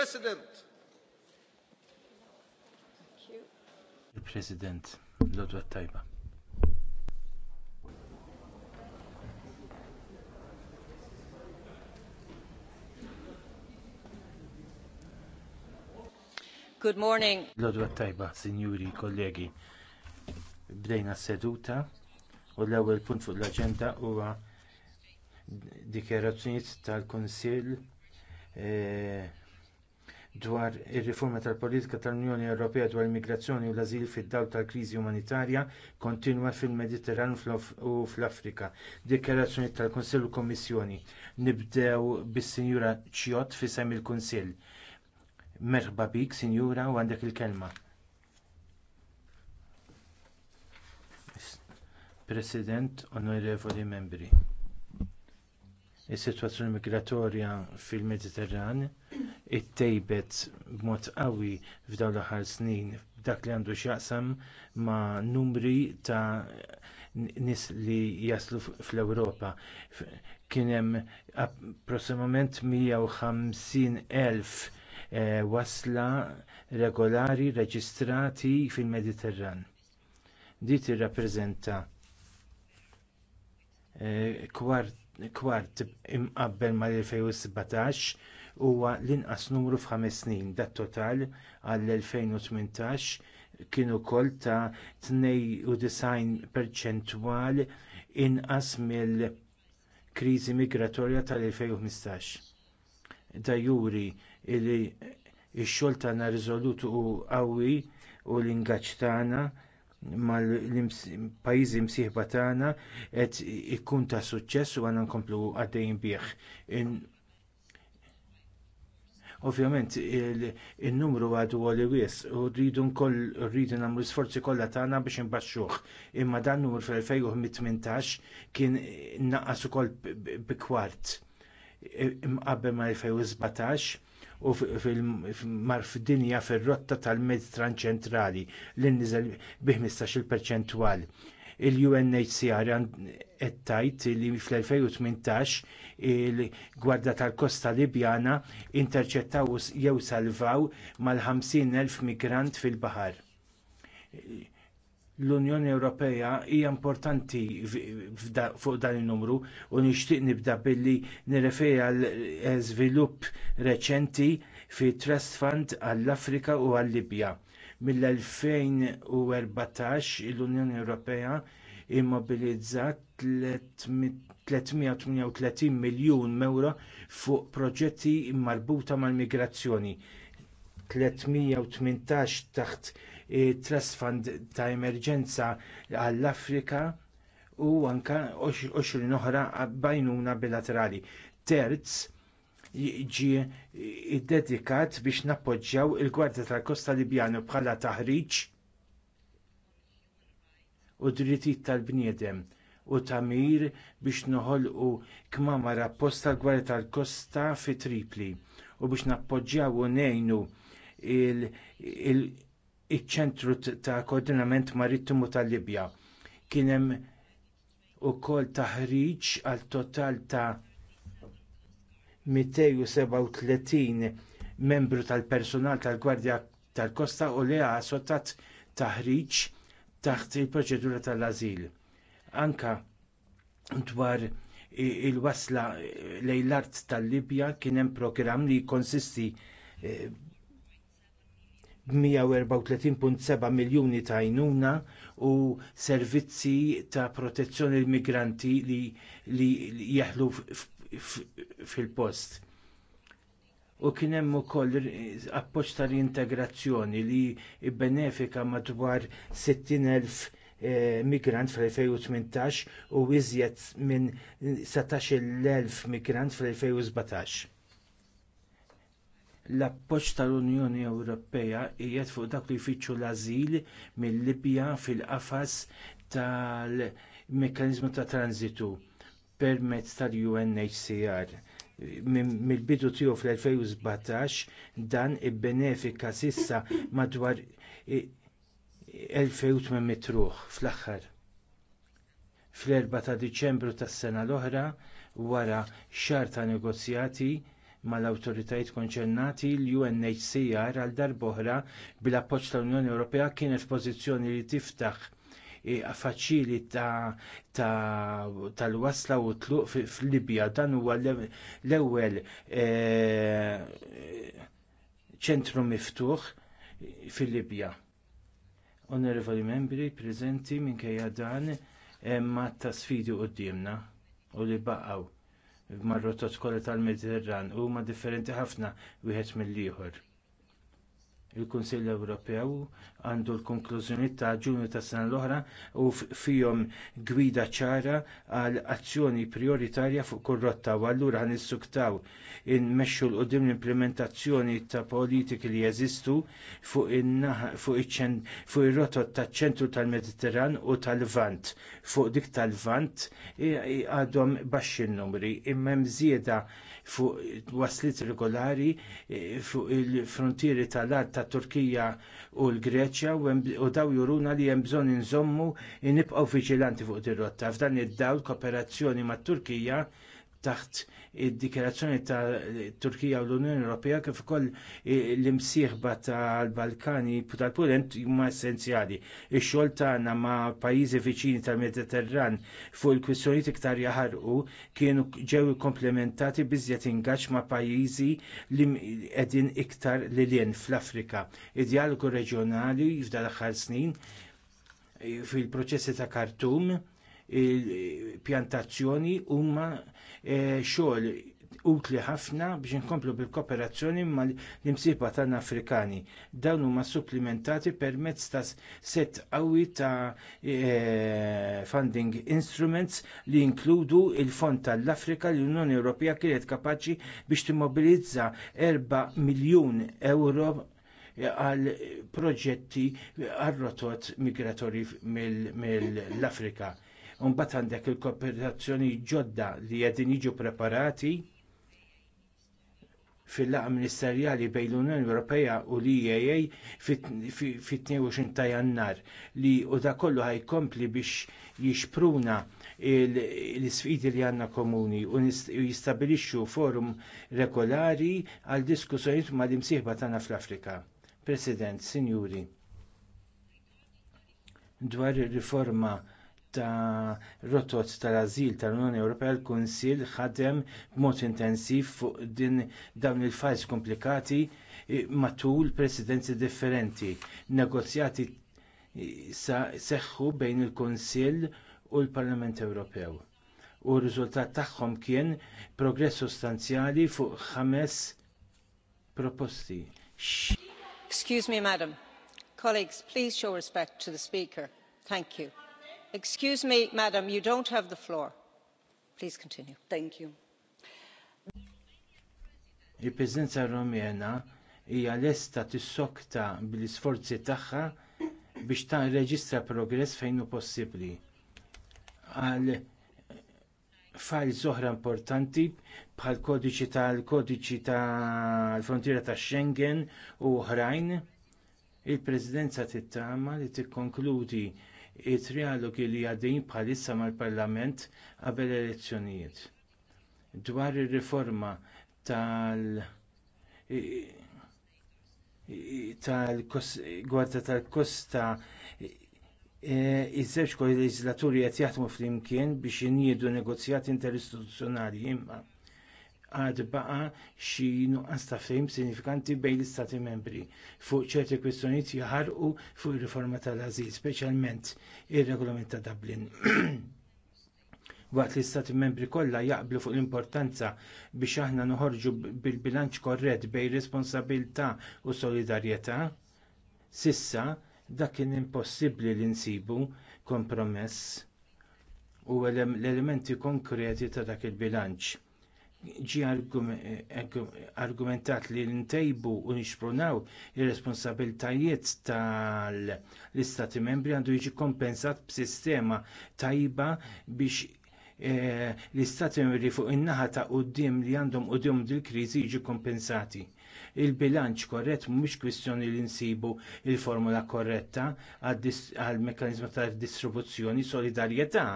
President. Il-President, l-odwa tajba. Good morning. L-odwa tajba, sinjuri, kollegi. Bdejna seduta u l-ewwel punt fuq l agenda huwa dikjarazzjonijiet tal-Kunsill eh, dwar ir-riforma tal-politika tal-Unjoni Ewropea dwar immigrazzjoni u l ażil fid-dawl tal-kriżi umanitarja kontinwa fil-Mediterran u fl-Afrika. Dikjarazzjoni tal-Kunsill u Kommissjoni. Nibdew bis-Sinjura fi fisem il-Kunsill. Merħba bik, Sinjura, u għandek il-kelma. President, onorevoli membri. Is-sitwazzjoni migratorja fil-Mediterran ittejbet b'mod qawwi f'dawn l-aħħar snin dak li għandu x'jaqsam ma' numri ta' nies li jaslu fl-Ewropa. Kien hemm approssimament 150.000 elf eh, wasla regolari reġistrati fil-Mediterran. Di irrappreżenta eh, kwart kwart imqabbel mal-2017 huwa l-inqas numru f'ħames snin. Dat total għall-2018 kien ukoll ta' 92 perċentwal inqas mill-kriżi migratorja tal-2015. Da juri li x-xogħol tagħna riżolut u qawwi u l-ingaġġ tagħna mal-pajizi msieħba tagħna qed ikun ta' suċċess u għandna nkomplu għaddejjin bih. Ovvjament in numru għadu għalli wies u rridu nkoll rridu nagħmlu sforzi kollha tagħna biex imbaxxuh. Imma dan numru fl-2018 kien naqqas ukoll bi kwart imqabbel ma' 2017 u mar f'dinja fir-rotta tal-Meditran ċentrali li niżel bi 15 perċentwal. Il-UNHCR qed tgħid li fl-2018 il-Gwarda tal-Kosta Libjana interċettaw jew salvaw mal-50,000 migrant fil-baħar l-Unjoni Ewropea hija importanti fuq dan in-numru u nixtieq nibda billi nirreferi għal żvilupp reċenti fi Trust Fund għall-Afrika u għall-Libja. Mill-2014 l-Unjoni Ewropea immobilizzat 338 miljun euro fuq proġetti marbuta mal-migrazzjoni. 318 taħt trust fund ta' emerġenza għall-Afrika u anke 20 oħra bajnuna bilaterali. Terz ġie ddedikat biex nappoġġjaw il-Gwardja tal-Kosta Libjana bħala taħriġ u drittijiet tal-bniedem u tamir biex noħolqu kmamar apposta l-gwerra tal-kosta fi Tripli u biex nappoġġjaw u ngħinu iċ-ċentru ta' koordinament marittimu tal-Libja. Kien hemm ukoll taħriġ għal total ta' 237 membru tal-personal tal-Gwardja tal-Kosta u li għasotat taħriġ taħt il-proċedura tal-azil. Anka dwar il-wasla lejn l-art tal-Libja kien hemm programm li jkonsisti eh, 134.7 miljuni ta' għajnuna u servizzi ta' protezzjoni l-migranti li, li jaħlu fil-post u kien hemm ukoll appoġġ tal-integrazzjoni li benefika madwar 60,000 eh, migrant fl-2018 u iżjed minn 17,000 migrant fl-2017 l-appoġġ tal-Unjoni Ewropea qiegħed fuq dak li jfittxu l-ażil mill-Libja fil-qafas tal-mekkaniżmu ta' transitu permezz tal-UNHCR. Mill-bidu tiegħu fl-2017 dan ibbenefika sissa madwar 2800 ruħ fl-aħħar. Fl-4 ta' Diċembru tas-sena l-oħra wara xahar ta' negozjati mal-awtoritajiet konċernati l-UNHCR għal darb'oħra bil-appoġġ tal-Unjoni Ewropea kienet f'pożizzjoni li tiftaħ e, faċili tal-wasla u tluq f'Libja. Dan huwa l-ewwel e, ċentru miftuħ fil-Libja. Onorevoli membri, preżenti minkejja dan imma e, ta' sfidi quddiemna u li baqgħu mar-rotot kollha tal-Mediterran huma differenti ħafna wieħed mill-ieħor. Il-Kunsill Ewropew għandu l-konklużjoni ta' ġunju tas sena l-oħra u fihom gwida ċara għal azzjoni prioritarja fuq kurrotta u allura nissuktaw inmexxu l qudiem l-implementazzjoni ta' politiki li jeżistu fuq ir-rotot taċ ċentru tal-Mediterran u tal-Vant. Fuq dik tal-Vant għadhom baxxi n-numri imma mżieda fuq waslit regolari fuq il-frontieri tal-art tat Turkija u l-Greċja Greċja u daw juruna li hemm bżonn inżommu nibqgħu viġilanti fuq dir-rotta. F'dan id-dawl kooperazzjoni mat-Turkija taħt id-dikjerazzjoni ta' Turkija u l-Unjoni Ewropea kif ukoll l-imsieħba tal-Balkani tal-Pulent huma essenzjali. Ix-xogħol tagħna ma' pajjiżi viċini tal-Mediterran fuq il-kwistjonijiet iktar jaħarqu kienu ġew komplementati biżjed ingaġġ ma' pajjiżi li qegħdin iktar lilien fl-Afrika. Id-dialogu reġjonali f'dal aħħar snin fil-proċessi ta' Kartum il-pjantazzjoni huma eh, xogħol utli ħafna biex inkomplu bil-kooperazzjoni mal l-imsiba tan Afrikani. Dawn huma supplimentati permezz ta' set qawwi ta' eh, funding instruments li jinkludu l fond tal-Afrika li l-Unjoni Ewropea kienet kapaċi biex timmobilizza 4 miljun euro eh, għal proġetti għal rotot migratorji mill-Afrika bat għandek il-kooperazzjoni ġodda li qegħdin jiġu preparati fil-laqa ministerjali bejn l-Unjoni Ewropea u l-EAA fit-22 ta' jannar li u da kollu ħajkompli biex jixpruna l isfidi li għandna komuni u jistabilixxu forum regolari għal diskussjonijiet mal l-imsieħba tagħna fl-Afrika. President, Sinjuri, dwar ir-riforma ta' rotot tal-azil tal-Unjoni Ewropea l-Kunsill ħadem b'mod intensiv fuq din dawn il-files komplikati matul presidenzi differenti. Negozjati seħħu bejn il-Kunsill u l-Parlament Ewropew. U r-riżultat tagħhom kien progress sostanzjali fuq ħames proposti. Excuse me, madam. Colleagues, please show respect to the speaker. Thank you. Excuse me, madam, you don't have the floor. Please continue. Thank you. il preżenza Rumena hija lesta tissokta bl-isforzi tagħha biex tirreġistra progress fejn hu possibbli. Għal files oħra importanti bħal kodiċi tal-kodiċi tal-frontiera tax Schengen u oħrajn, il-Presidenza tittama li tikkonkludi it-trialogi li għaddejjin bħalissa mal-Parlament qabel elezzjonijiet dwar ir-riforma tal- tal gwarta tal-kosta e, iż-żewġ leġislaturi qed jaħdmu flimkien biex iniedu negozjati interistituzzjonali imma għad baqa xi nuqqas ta' fejm sinifikanti bejn l-istati membri fuq ċerti kwistjonijiet jaħarqu fuq ir-riforma tal-azil, speċjalment ir-regolament ta' Dublin. Waqt li istati membri kollha jaqblu fuq l-importanza biex aħna noħorġu bil-bilanċ korrett bejn responsabilità u solidarjetà, sissa dak kien impossibbli li nsibu kompromess u l-elementi konkreti ta' dak il-bilanċ ġie argumentat li ntejbu u nixprunaw ir-responsabbiltajiet tal-istati membri għandu jiġi kompensat b'sistema tajba biex eh, l-istati membri fuq in-naħa ta' quddiem li għandhom quddiem dil-kriżi jiġi kompensati. Il-bilanċ korrett mhumiex kwistjoni li nsibu l formula korretta għall mekkaniżmu tad distribuzzjoni solidarjetà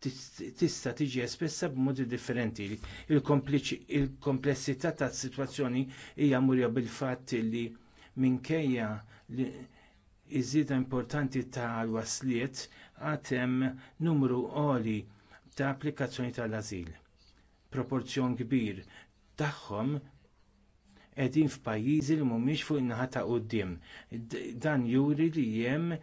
tista' tiġi espressa b'modi differenti. Il-komplessità tas sitwazzjoni hija murja bil-fatt li minkejja li iżida importanti ta' wasliet għad hemm numru għoli ta' applikazzjoni tal-azil. Proporzjon kbir tagħhom qegħdin f'pajjiżi li mhumiex fuq in-naħa ta' quddiem. Dan juri li hemm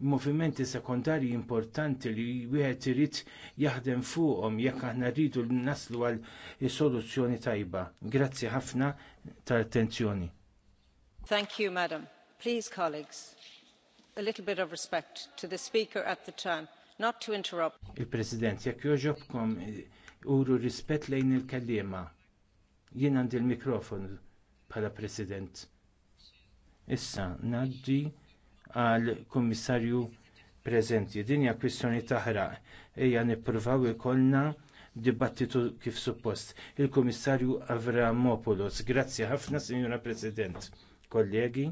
movimenti sekondarji importanti li wieħed irid jaħdem fuqhom jekk aħna rridu naslu għal soluzzjoni tajba. Grazzi ħafna tal-attenzjoni. Thank you, madam. Please, colleagues, a little bit of respect to the speaker at the time, not to interrupt. Il-President, jekk joġobkom eh, uru rispett lejn il-kellima. Jien għandi l-mikrofon bħala President. Issa, ngħaddi għal kummissarju preżenti. Din hija kwistjoni taħraq. Ejja nippruvaw ikollna dibattitu kif suppost. Il-Kummissarju Avramopoulos, grazzi ħafna, Sinjura President. Kollegi,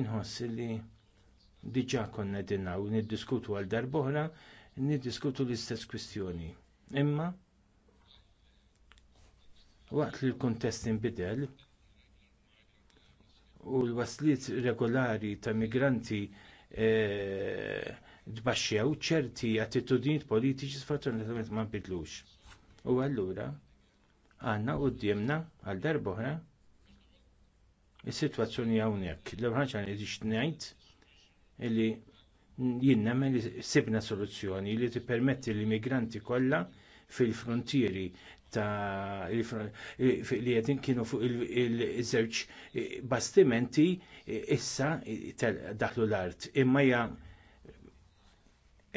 inħoss li diġà konna dinna u niddiskutu għal darbohra, niddiskutu l-istess kwistjoni. Imma, waqt li l-kuntest inbidel, u l-waslit regolari ta' migranti e, tbaxxew ċerti attitudnijiet politiċi sfortunatament ma nbidlux. U allura għandna qudiemna għal oħra is-sitwazzjoni hawnhekk. L-ewħanċa nirix ngħid illi jien nagħmel li sibna soluzzjoni li tippermetti l-immigranti kollha fil-frontieri ta' li għedin kienu fuq il-żewġ bastimenti issa daħlu l-art. Imma ja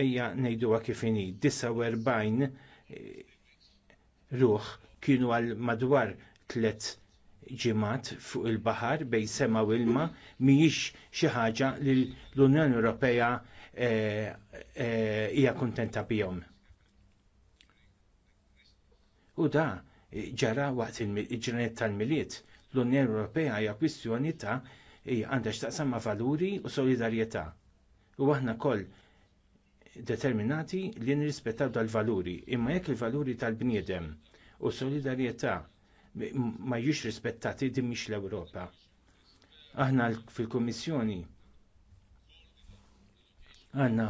ejja ngħiduha kif 49 ruħ kienu għal madwar tliet ġimat fuq il-baħar bejn sema u ilma mhijiex xi ħaġa li l-Unjoni Ewropea eh, eh, hija kuntenta bihom. U da e, ġara waqt il-ġranet tal-miliet. L-Unjoni Ewropea hija kwistjoni ta' e, għandha x'taqsam ma' valuri u solidarjetà. U aħna koll determinati li nirrispettaw dal-valuri, imma jekk il-valuri tal-bniedem u solidarjetà ma jiex rispettati din mhix l-Ewropa. Aħna fil-Kummissjoni għandna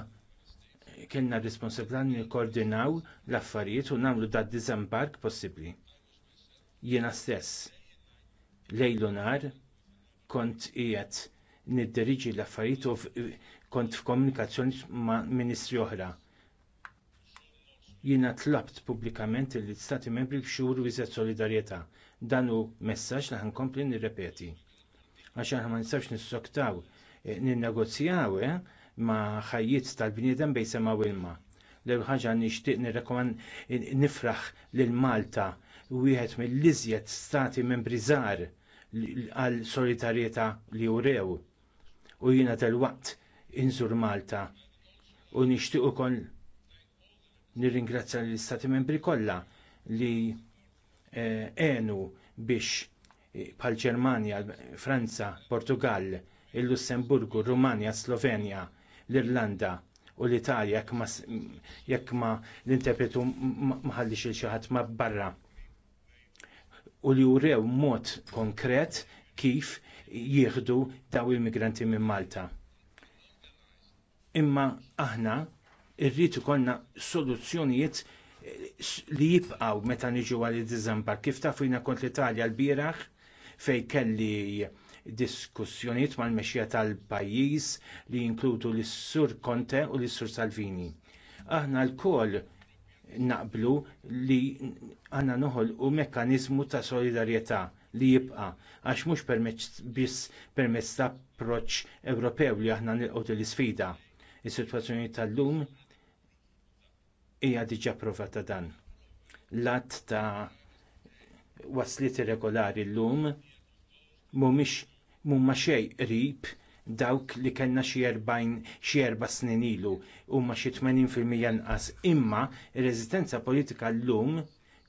kellna responsabilità nikkoordinaw l-affarijiet u nagħmlu dat diżambark possibbli. Jiena stess lejlu nar kont qiegħed niddiriġi l-affarijiet u kont f'komunikazzjoni ma' ministri oħra. Jiena tlabt pubblikament lill istati membri b'xhur iżjed solidarjetà. Dan hu messaġġ li ħankompli nirrepeti. Għax aħna ma nistax nissoktaw, eh, ninnegozjaw eh, ma' ħajjiet tal-bniedem bejn sema u ilma. L-ewwel ħaġa nixtieq nirrekomand nifraħ lil Malta wieħed mill-iżjed stati membri żgħar għal solidarjetà li urew U jiena tal-waqt inżur Malta u nixtieq ukoll nirringrazzja lill istati membri kollha li eh, għenu biex eh, bħal Ġermanja, Franza, Portugal, il-Lussemburgu, Rumanja, Slovenja l-Irlanda u l-Italja jekk ma l-interpretu maħalli il xaħat ma barra. U li urew mod konkret kif jieħdu daw il-migranti minn Malta. Imma aħna irritu ikollna soluzzjonijiet eh, li jibqgħu meta niġu għal id-dizambar. Kif tafu jina kont l-Italja l biraħ fejn kelli diskussjonijiet mal-mexxija tal-pajjiż li jinkludu lis-Sur Conte u lis-Sur Salvini. Aħna lkoll naqblu li noħol noħolqu mekkaniżmu ta' solidarjetà li jibqa' għax mhux permezz biss permezz ta' approċċ Ewropew li aħna nilqgħu l isfida Is-sitwazzjoni tal-lum hija diġà prova ta' dan. L-att ta' waslit irregolari llum mhumiex mumma xej qrib dawk li kellna xi 40 xi erba' snin ilu huma xi 80% nqas imma ir-reżistenza politika llum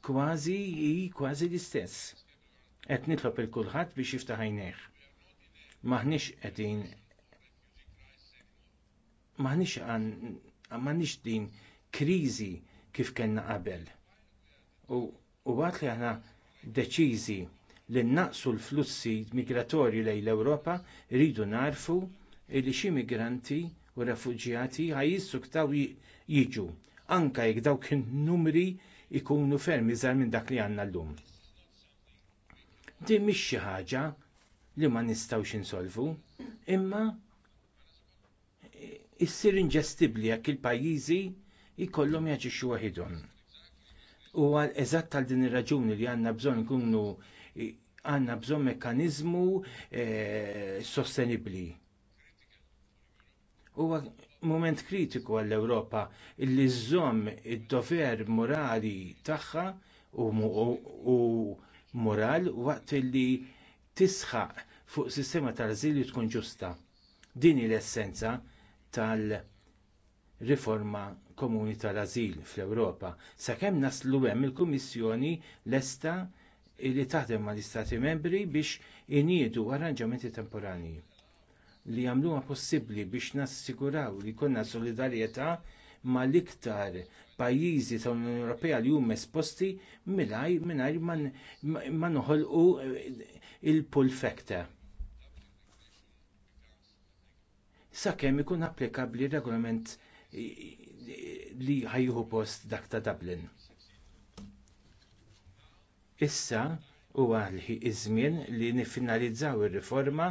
kważi hi kważi l-istess. Qed nitlob il kulħadd biex jiftaħ għajnejh. Maħniex qegħdin maħniex maħniex din kriżi kif kellna qabel. U għat li aħna deċiżi li naqsu l-flussi migratorji lejn l-Ewropa rridu narfu li xi migranti u refuġjati ktaw jiġu anke jekk dawk in-numri jkunu ferm iżgħar minn dak li għandna llum. Din mhix xi ħaġa li ma nistgħux insolvu, imma issir inġestibbli jekk il-pajjiżi jkollhom jaġixxu waħedhom. U għal eżatt għal din ir-raġuni li għandna bżonn ikunu għandna bżonn mekkaniżmu eh, sostenibbli. Huwa mument kritiku għall-Ewropa illi żżomm id-dover morali tagħha u moral waqt illi tisħaq fuq sistema tal li tkun ġusta. Din hi l-essenza tal-riforma komuni tal-azil fl-Ewropa. Sakemm naslu hemm il-Kummissjoni lesta li taħdem mal istati membri biex iniedu arranġamenti temporani li jagħmluha possibbli biex nassiguraw li jkollna solidarjetà mal-iktar pajjiżi tal-Unjoni Ewropea li huma esposti mingħajr ma noħolqu eh, il-pull factor. Sakemm ikun applikabbli regolament eh, li ħajjuħu post dak ta' Dublin Issa huwa iż-żmien li niffinalizzaw ir-riforma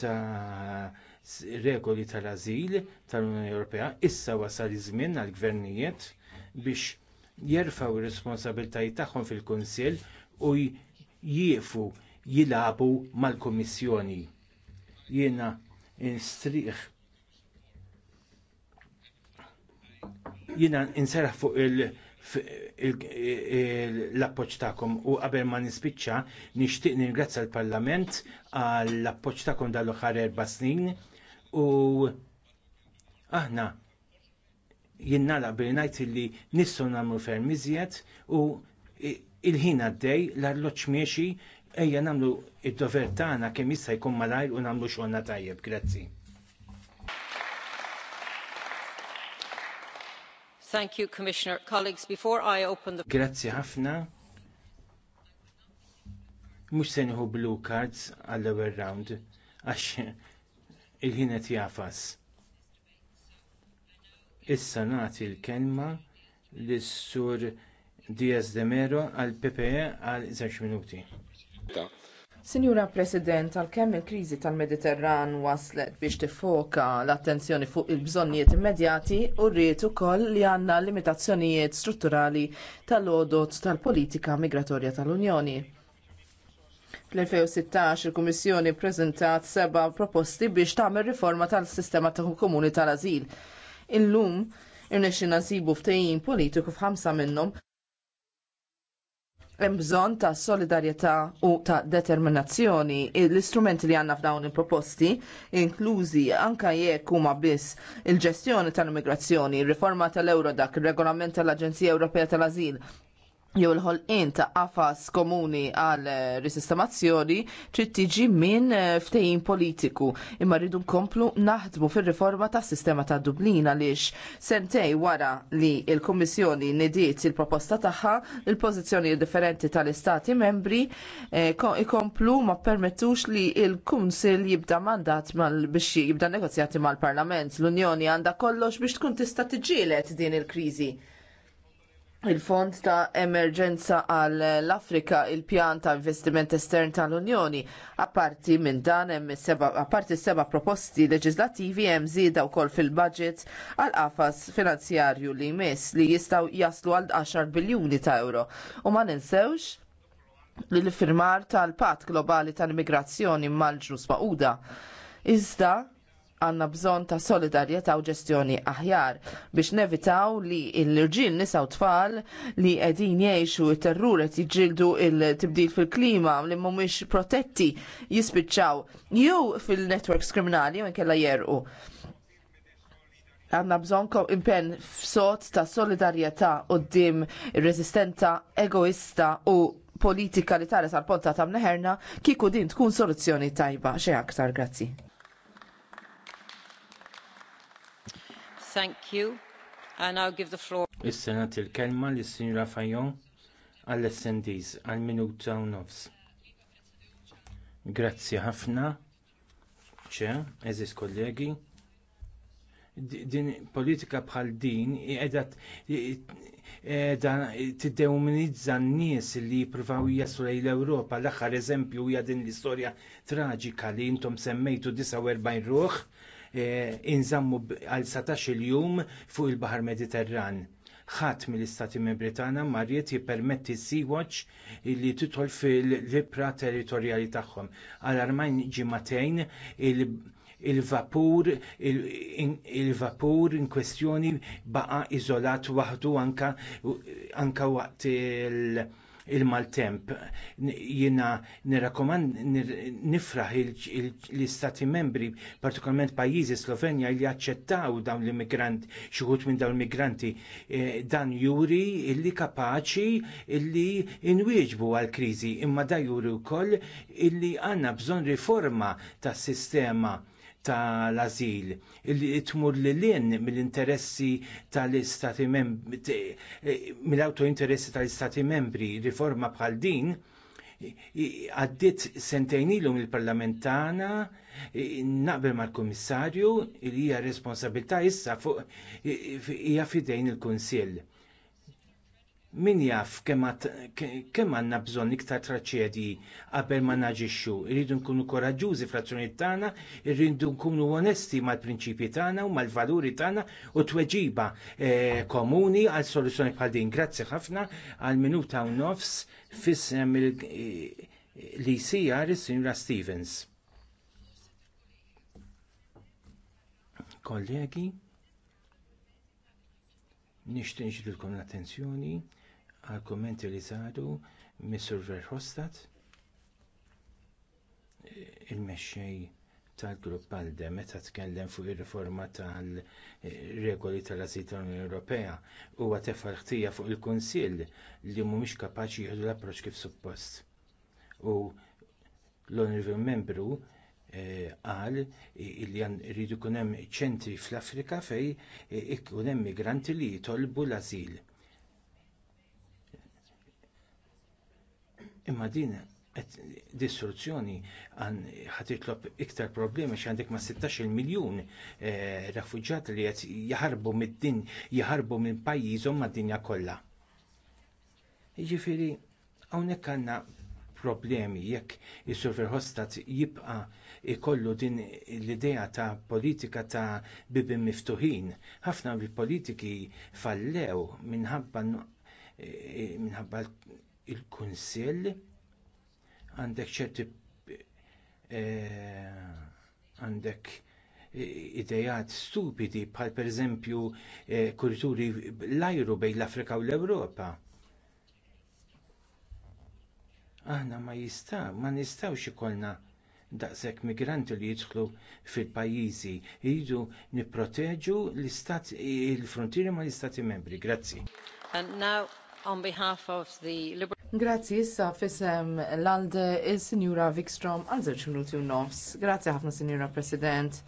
ta' regoli tal-azil tal-Unjoni Ewropea. Issa wasal iż-żmien għall-gvernijiet biex jerfaw ir-responsabiltajiet tagħhom fil-Kunsill u jiefu jilagħbu mal-Kummissjoni. Jiena instriħ jiena inserħ fuq il- l-appoċ tagħkom u qabel ma nispiċċa nixtieq ningrazzja l-Parlament għall appoġġ tagħkom dal oħar erba' snin u aħna jinnala bil ngħid li nistgħu nagħmlu ferm iżjed u il-ħin għaddej l-arloġġ miexi ejja nagħmlu id-dover tagħna kemm jista' jkun malajr u nagħmlu xogħolna tajjeb. Grazzi. Grazzi ħafna. Mux nieħu blue cards għall ewwel round, għax il ħin qed jafas. Issa nagħti l-kelma lis sur Diaz de Mero għal PPE għal 10 minuti. Sinjura President, għalkemm il-kriżi tal-Mediterran waslet biex tifoka l-attenzjoni fuq il-bżonnijiet immedjati u rrid ukoll li għandna limitazzjonijiet strutturali tal-odot tal-politika migratorja tal-Unjoni. Fl-2016 il-Kummissjoni ppreżentat seba proposti biex tagħmel riforma tal-sistema ta' komuni tal-azil. Illum irnexxi nsibu ftehim politiku f'ħamsa minnhom hemm bżonn ta' solidarjetà u ta' determinazzjoni. L-istrumenti li għandna f'dawn il-proposti, inklużi anke jekk huma biss il-ġestjoni tal-immigrazzjoni, riforma tal-Eurodac, regolament tal-Aġenzija Ewropea tal-Azil, jew l-ħolqien ta' qafas komuni għal risistemazzjoni trid tiġi minn eh, ftehim politiku imma rridu nkomplu naħdmu fir-riforma tas sistema ta' Dublina, għaliex sentej wara li l-Kummissjoni nidiet il-proposta tagħha il-pożizzjoni differenti tal-Istati membri eh, ikomplu ma permettux li l-Kunsil jibda mandat mal biex jibda negozjati mal-Parlament. L-Unjoni għandha kollox biex tkun tista' tiġilet din il-kriżi il-Fond ta' Emerġenza għall afrika il-pjan ta' investiment estern tal-Unjoni. Apparti minn dan hemm apparti seba proposti leġislattivi hemm żieda wkoll fil-budget għal qafas finanzjarju li jmiss li jistgħu jaslu għal 10 biljuni ta' euro. U ma ninsewx li l-firmar tal-Pat Globali tal-Immigrazzjoni mal ġrus Mauda. Iżda, għanna bżon ta' solidarjetà u ġestjoni aħjar biex nevitaw li l-irġil nisa u tfal li qegħdin jgħixu t-terrur qed jiġġieldu il-tibdil fil-klima li mhumiex protetti jispiċċaw ju fil-networks kriminali u kella jerqu. Għanna bżon impen f'sot ta' solidarjetà u d-dim reżistenta egoista u politika li tara sal-ponta ta' mneħerna kiku din tkun soluzzjoni tajba xi aktar grazzi. Thank you. And I'll give the floor. is nagħti l-kelma lis sinjura Fajon għall-SNDs għal minuta u nofs. Grazzi ħafna, ċe, eżis kollegi. Din politika bħal din qiegħda tiddemonizza n-nies li jippruvaw jaslu lejn l-Ewropa. L-aħħar eżempju hija din l-istorja traġika li intom semmejtu 49 ruħ Eh, inżammu għal 17 jum fuq il-Bahar Mediterran. Ħadd mill-Istati Membri tagħna marriet jippermetti Sea-Watch li tidħol fil-libra territorjali tagħhom. Għal armajn ġimatejn il-vapur il-vapur in kwestjoni baqa iżolat waħdu anka waqt il-, il il-maltemp. Jiena nirakomand nifraħ l-istati membri, partikolarment pajjiżi Slovenja li jaċċettaw dawn l-immigranti, xi wħud minn dawn l-immigranti, e, dan juri illi kapaċi illi inwieġbu għal kriżi imma da juri wkoll illi għandna bżonn riforma tas sistema tal-azil li tmur li mill-interessi tal-istati mill-interessi tal-istati membri mill interessi tal-istati membri riforma bħal din għaddit sentejn ilu il parlamentana naqbel mal-komissarju li hija responsabilità issa fuq hija fidejn il-Kunsill min jaf kemm għandna bżonn iktar traċedji qabel ma naġixxu. Irridu nkunu koraġġużi frazzjonijiet tagħna, irridu nkunu onesti mal-prinċipji tagħna u mal-valuri tagħna u tweġiba eh, komuni għal soluzzjoni bħal din. Grazzi ħafna għal minuta u nofs fissem li sijar is-Sinjura Stevens. Kollegi, nixtieq l-attenzjoni għal kommenti li saru Mr. Verhofstadt il-mexxej tal-grupp Balde meta tkellem fuq ir-riforma tal-regoli tal-Azil tal-Unjoni Ewropea huwa tefa' ħtija fuq il-Kunsill li mhumiex kapaċi jieħdu l-approċċ kif suppost. U l-Honorable Membru eh, qal li rridu jkun hemm ċentri fl-Afrika fejn ikun hemm migranti li jitolbu l-ażil Imma din dis-soluzzjoni għan ħatitlob iktar problemi xi għandek ma' 16 miljun eh, refuġġat li qed jaħarbu mid-din, jaħarbu minn pajjiżhom mad-dinja kollha. Jiġifieri hawnhekk għandna problemi jekk is sufer Verhofstadt jibqa' ikollu din l-idea ta' politika ta' bibim miftuħin. Ħafna mill-politiki fallew minħabba eh, minħabba il-Kunsill għandek ċerti eh, għandek idejat stupidi bħal pereżempju eżempju eh, kulturi l-ajru bejn l-Afrika u l-Ewropa. Aħna ma jista, ma nistaw ikollna daqshekk migranti li jidħlu fil-pajjiżi. Jridu nipproteġu l-istat il-frontieri mal istati membri. Grazzi on behalf of the Liberal Grazzi issa fisem l-alde il-Sinjura Vikstrom għal żewġ minuti u nofs. Grazzi ħafna Sinjura President.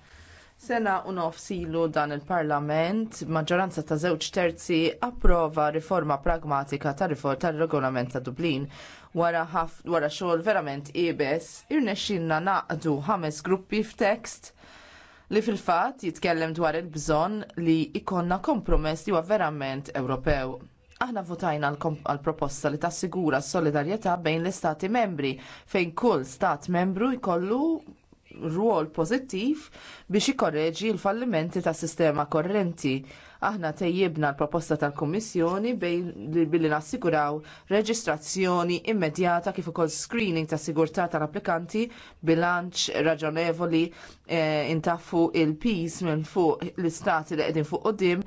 Sena u nofs ilu dan il-Parlament, maġġoranza ta' żewġ terzi approva riforma pragmatika ta' riforma ta' regolament ta' Dublin wara ħaf, wara xogħol verament ibes, irnexxinna naqdu ħames gruppi f'tekst li fil-fatt jitkellem dwar il-bżonn li ikonna kompromess li huwa verament Ewropew Aħna votajna għal-proposta li tassigura s-solidarjetà bejn l-istati membri fejn kull stat membru jkollu rwol pożittiv biex ikorreġi l-fallimenti tas sistema korrenti. Aħna tejjibna l-proposta tal-Kummissjoni billi nassiguraw reġistrazzjoni immedjata kif ukoll screening ta' sigurtà tal-applikanti bilanċ raġonevoli eh, intaffu il-pis minn fuq l-istati li qegħdin fuq qudiem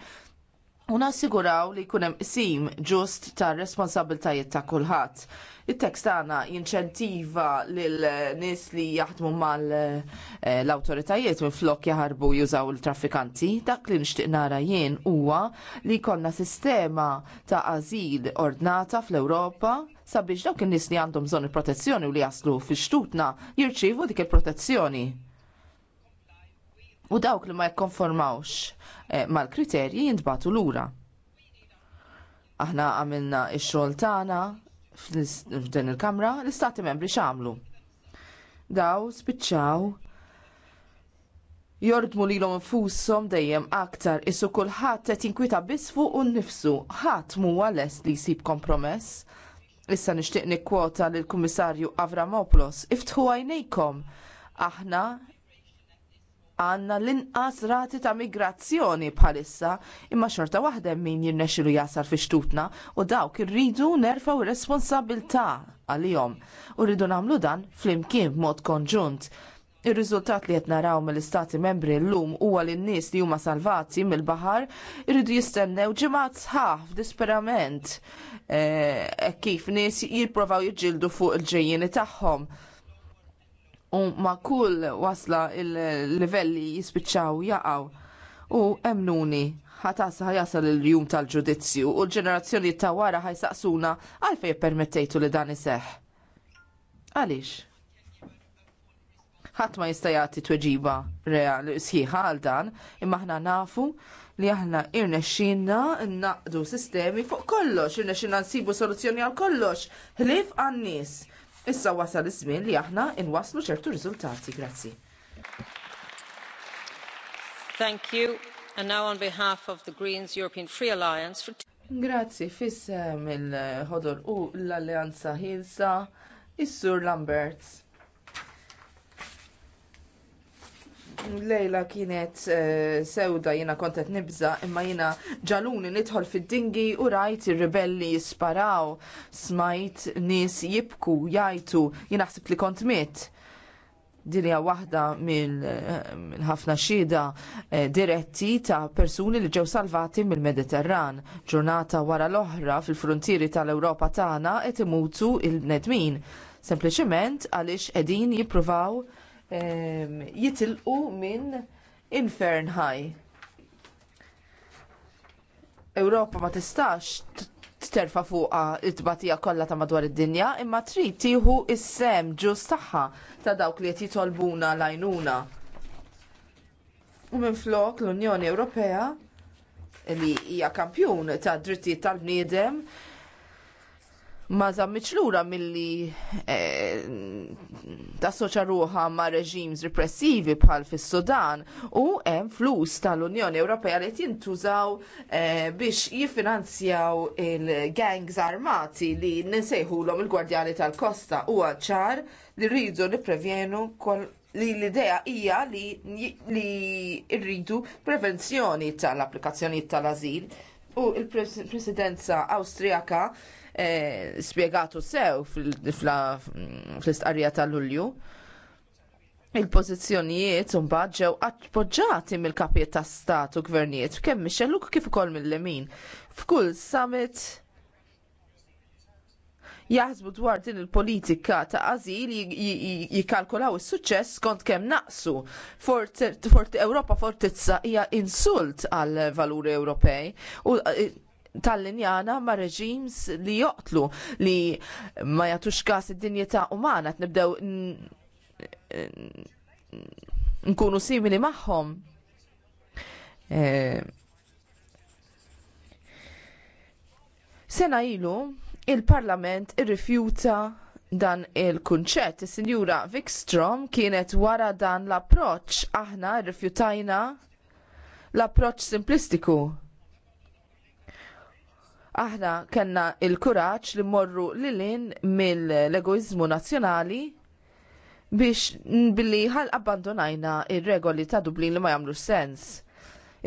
Unassiguraw li jkun hemm isim ġust tar responsabiltajiet ta' kulħadd. Il-tekst għana jinċentiva lil nies li jaħdmu mal autoritajiet awtoritajiet minn flok jaħarbu jużaw il-traffikanti. Dak li nixtieq nara jien huwa li jkollna sistema ta' azil ordnata fl-Ewropa sabiex dawk in-nies li għandhom bżonn il-protezzjoni u li jaslu fi xtutna jirċievu dik il-protezzjoni u dawk li ma jikkonformawx eh, mal-kriterji jintbatu lura. Aħna għamilna il xogħol tagħna f'din il-Kamra l-Istati Membri x'amlu. Daw spiċċaw jordmu lilhom infushom dejjem aktar issu kulħadd qed jinkwita bisfu u nnifsu ħadd mu lest li jsib kompromess. Issa nixtieq nikkwota lill-Kummissarju Avramopoulos iftħu għajnejkom aħna għanna l-inqas rati ta' migrazzjoni bħalissa imma xorta waħda min jirnexilu jasal fi xtutna u dawk irridu nerfaw responsabilta għal-jom u rridu namlu dan fl-imkien b'mod konġunt. Ir-riżultat li qed naraw mill-istati membri llum huwa li n-nies li huma salvati mill-baħar iridu jistennew ġimgħat sħaħ disperament eh, e, kif nies jipprovaw jiġġieldu fuq il-ġejjieni tagħhom u ma kull wasla il-livelli jispiċċaw jaqaw u emnuni ħatasa ħajasal il-jum tal-ġudizzju u l-ġenerazzjoni ta' wara ħajsaqsuna għalfej permettejtu li dan iseħ. Għalix? ħadd ma jista' jagħti tweġiba reali sħiħa għal dan, imma aħna nafu li aħna irnexxinna naqdu sistemi fuq kollox, irnexxinna nsibu soluzzjoni għal kollox, ħlief għan-nies Issa wasal iż-żmien li aħna inwaslu ċertu riżultati. Grazzi. Thank you. And now on behalf of the Greens European Free Alliance for Grazzi fissem il ħodor u l-Alleanza Hilsa, is-Sur Lamberts. lejla kienet uh, sewda jina kontet nibza imma jina ġaluni nidħol fid-dingi u rajt ir-ribelli jisparaw smajt nis jibku jajtu jina ħsibt li kont mit dinja waħda mill-ħafna eh, xhieda eh, diretti ta' persuni li ġew salvati mill-Mediterran. Ġurnata wara l-oħra fil-frontieri tal-Ewropa tagħna qed imutu il nedmin sempliċement għaliex qegħdin jippruvaw jitilqu minn infern high. Ewropa ma tistax terfa fuqa it-tbatija kollha ta' madwar id-dinja, imma trid tieħu is-sem ġus tagħha ta' dawk li qed jitolbuna lajnuna. U minflok l-Unjoni Ewropea li hija kampjun tad drittijiet tal-bniedem ma zammiċ lura milli ta' eh, tassoċa ruħa ma reġims repressivi bħal fis sudan u hemm flus tal-Unjoni Ewropea li jintużaw eh, biex jiffinanzjaw il-gangs armati li nsejħulhom il-gwardjani tal-kosta huwa ċar li rridu prevjenu kol li l-idea hija li, li rridu prevenzjoni tal-applikazzjoni tal-azil u il-presidenza Awstrijaka E, spiegatu sew fl-istqarrija tal-Lulju. Il-pożizzjonijiet imbagħad ġew appoġġjati mill-kapijiet ta' stat u gvernijiet kemm Michel kif ukoll mill-lemin. F'kull summit jaħsbu dwar din il-politika ta' għażil jikkalkulaw is-suċċess skont kemm naqsu. Forti Ewropa fortizza hija insult għal valuri Ewropej e, tal-linjana ma' reġims li joqtlu li ma jagħtux kas id-dinjità umana nibdew nkunu simili magħhom. E, sena ilu il-Parlament irrifjuta dan il-kunċett. Is-Sinjura Vikstrom kienet wara dan l-approċċ aħna rrifjutajna l-approċċ simplistiku Aħna kellna il-kuraġġ li mmorru lilin mill-egoizmu nazzjonali biex billi ħal abbandonajna il regoli ta' Dublin li ma jagħmlu sens.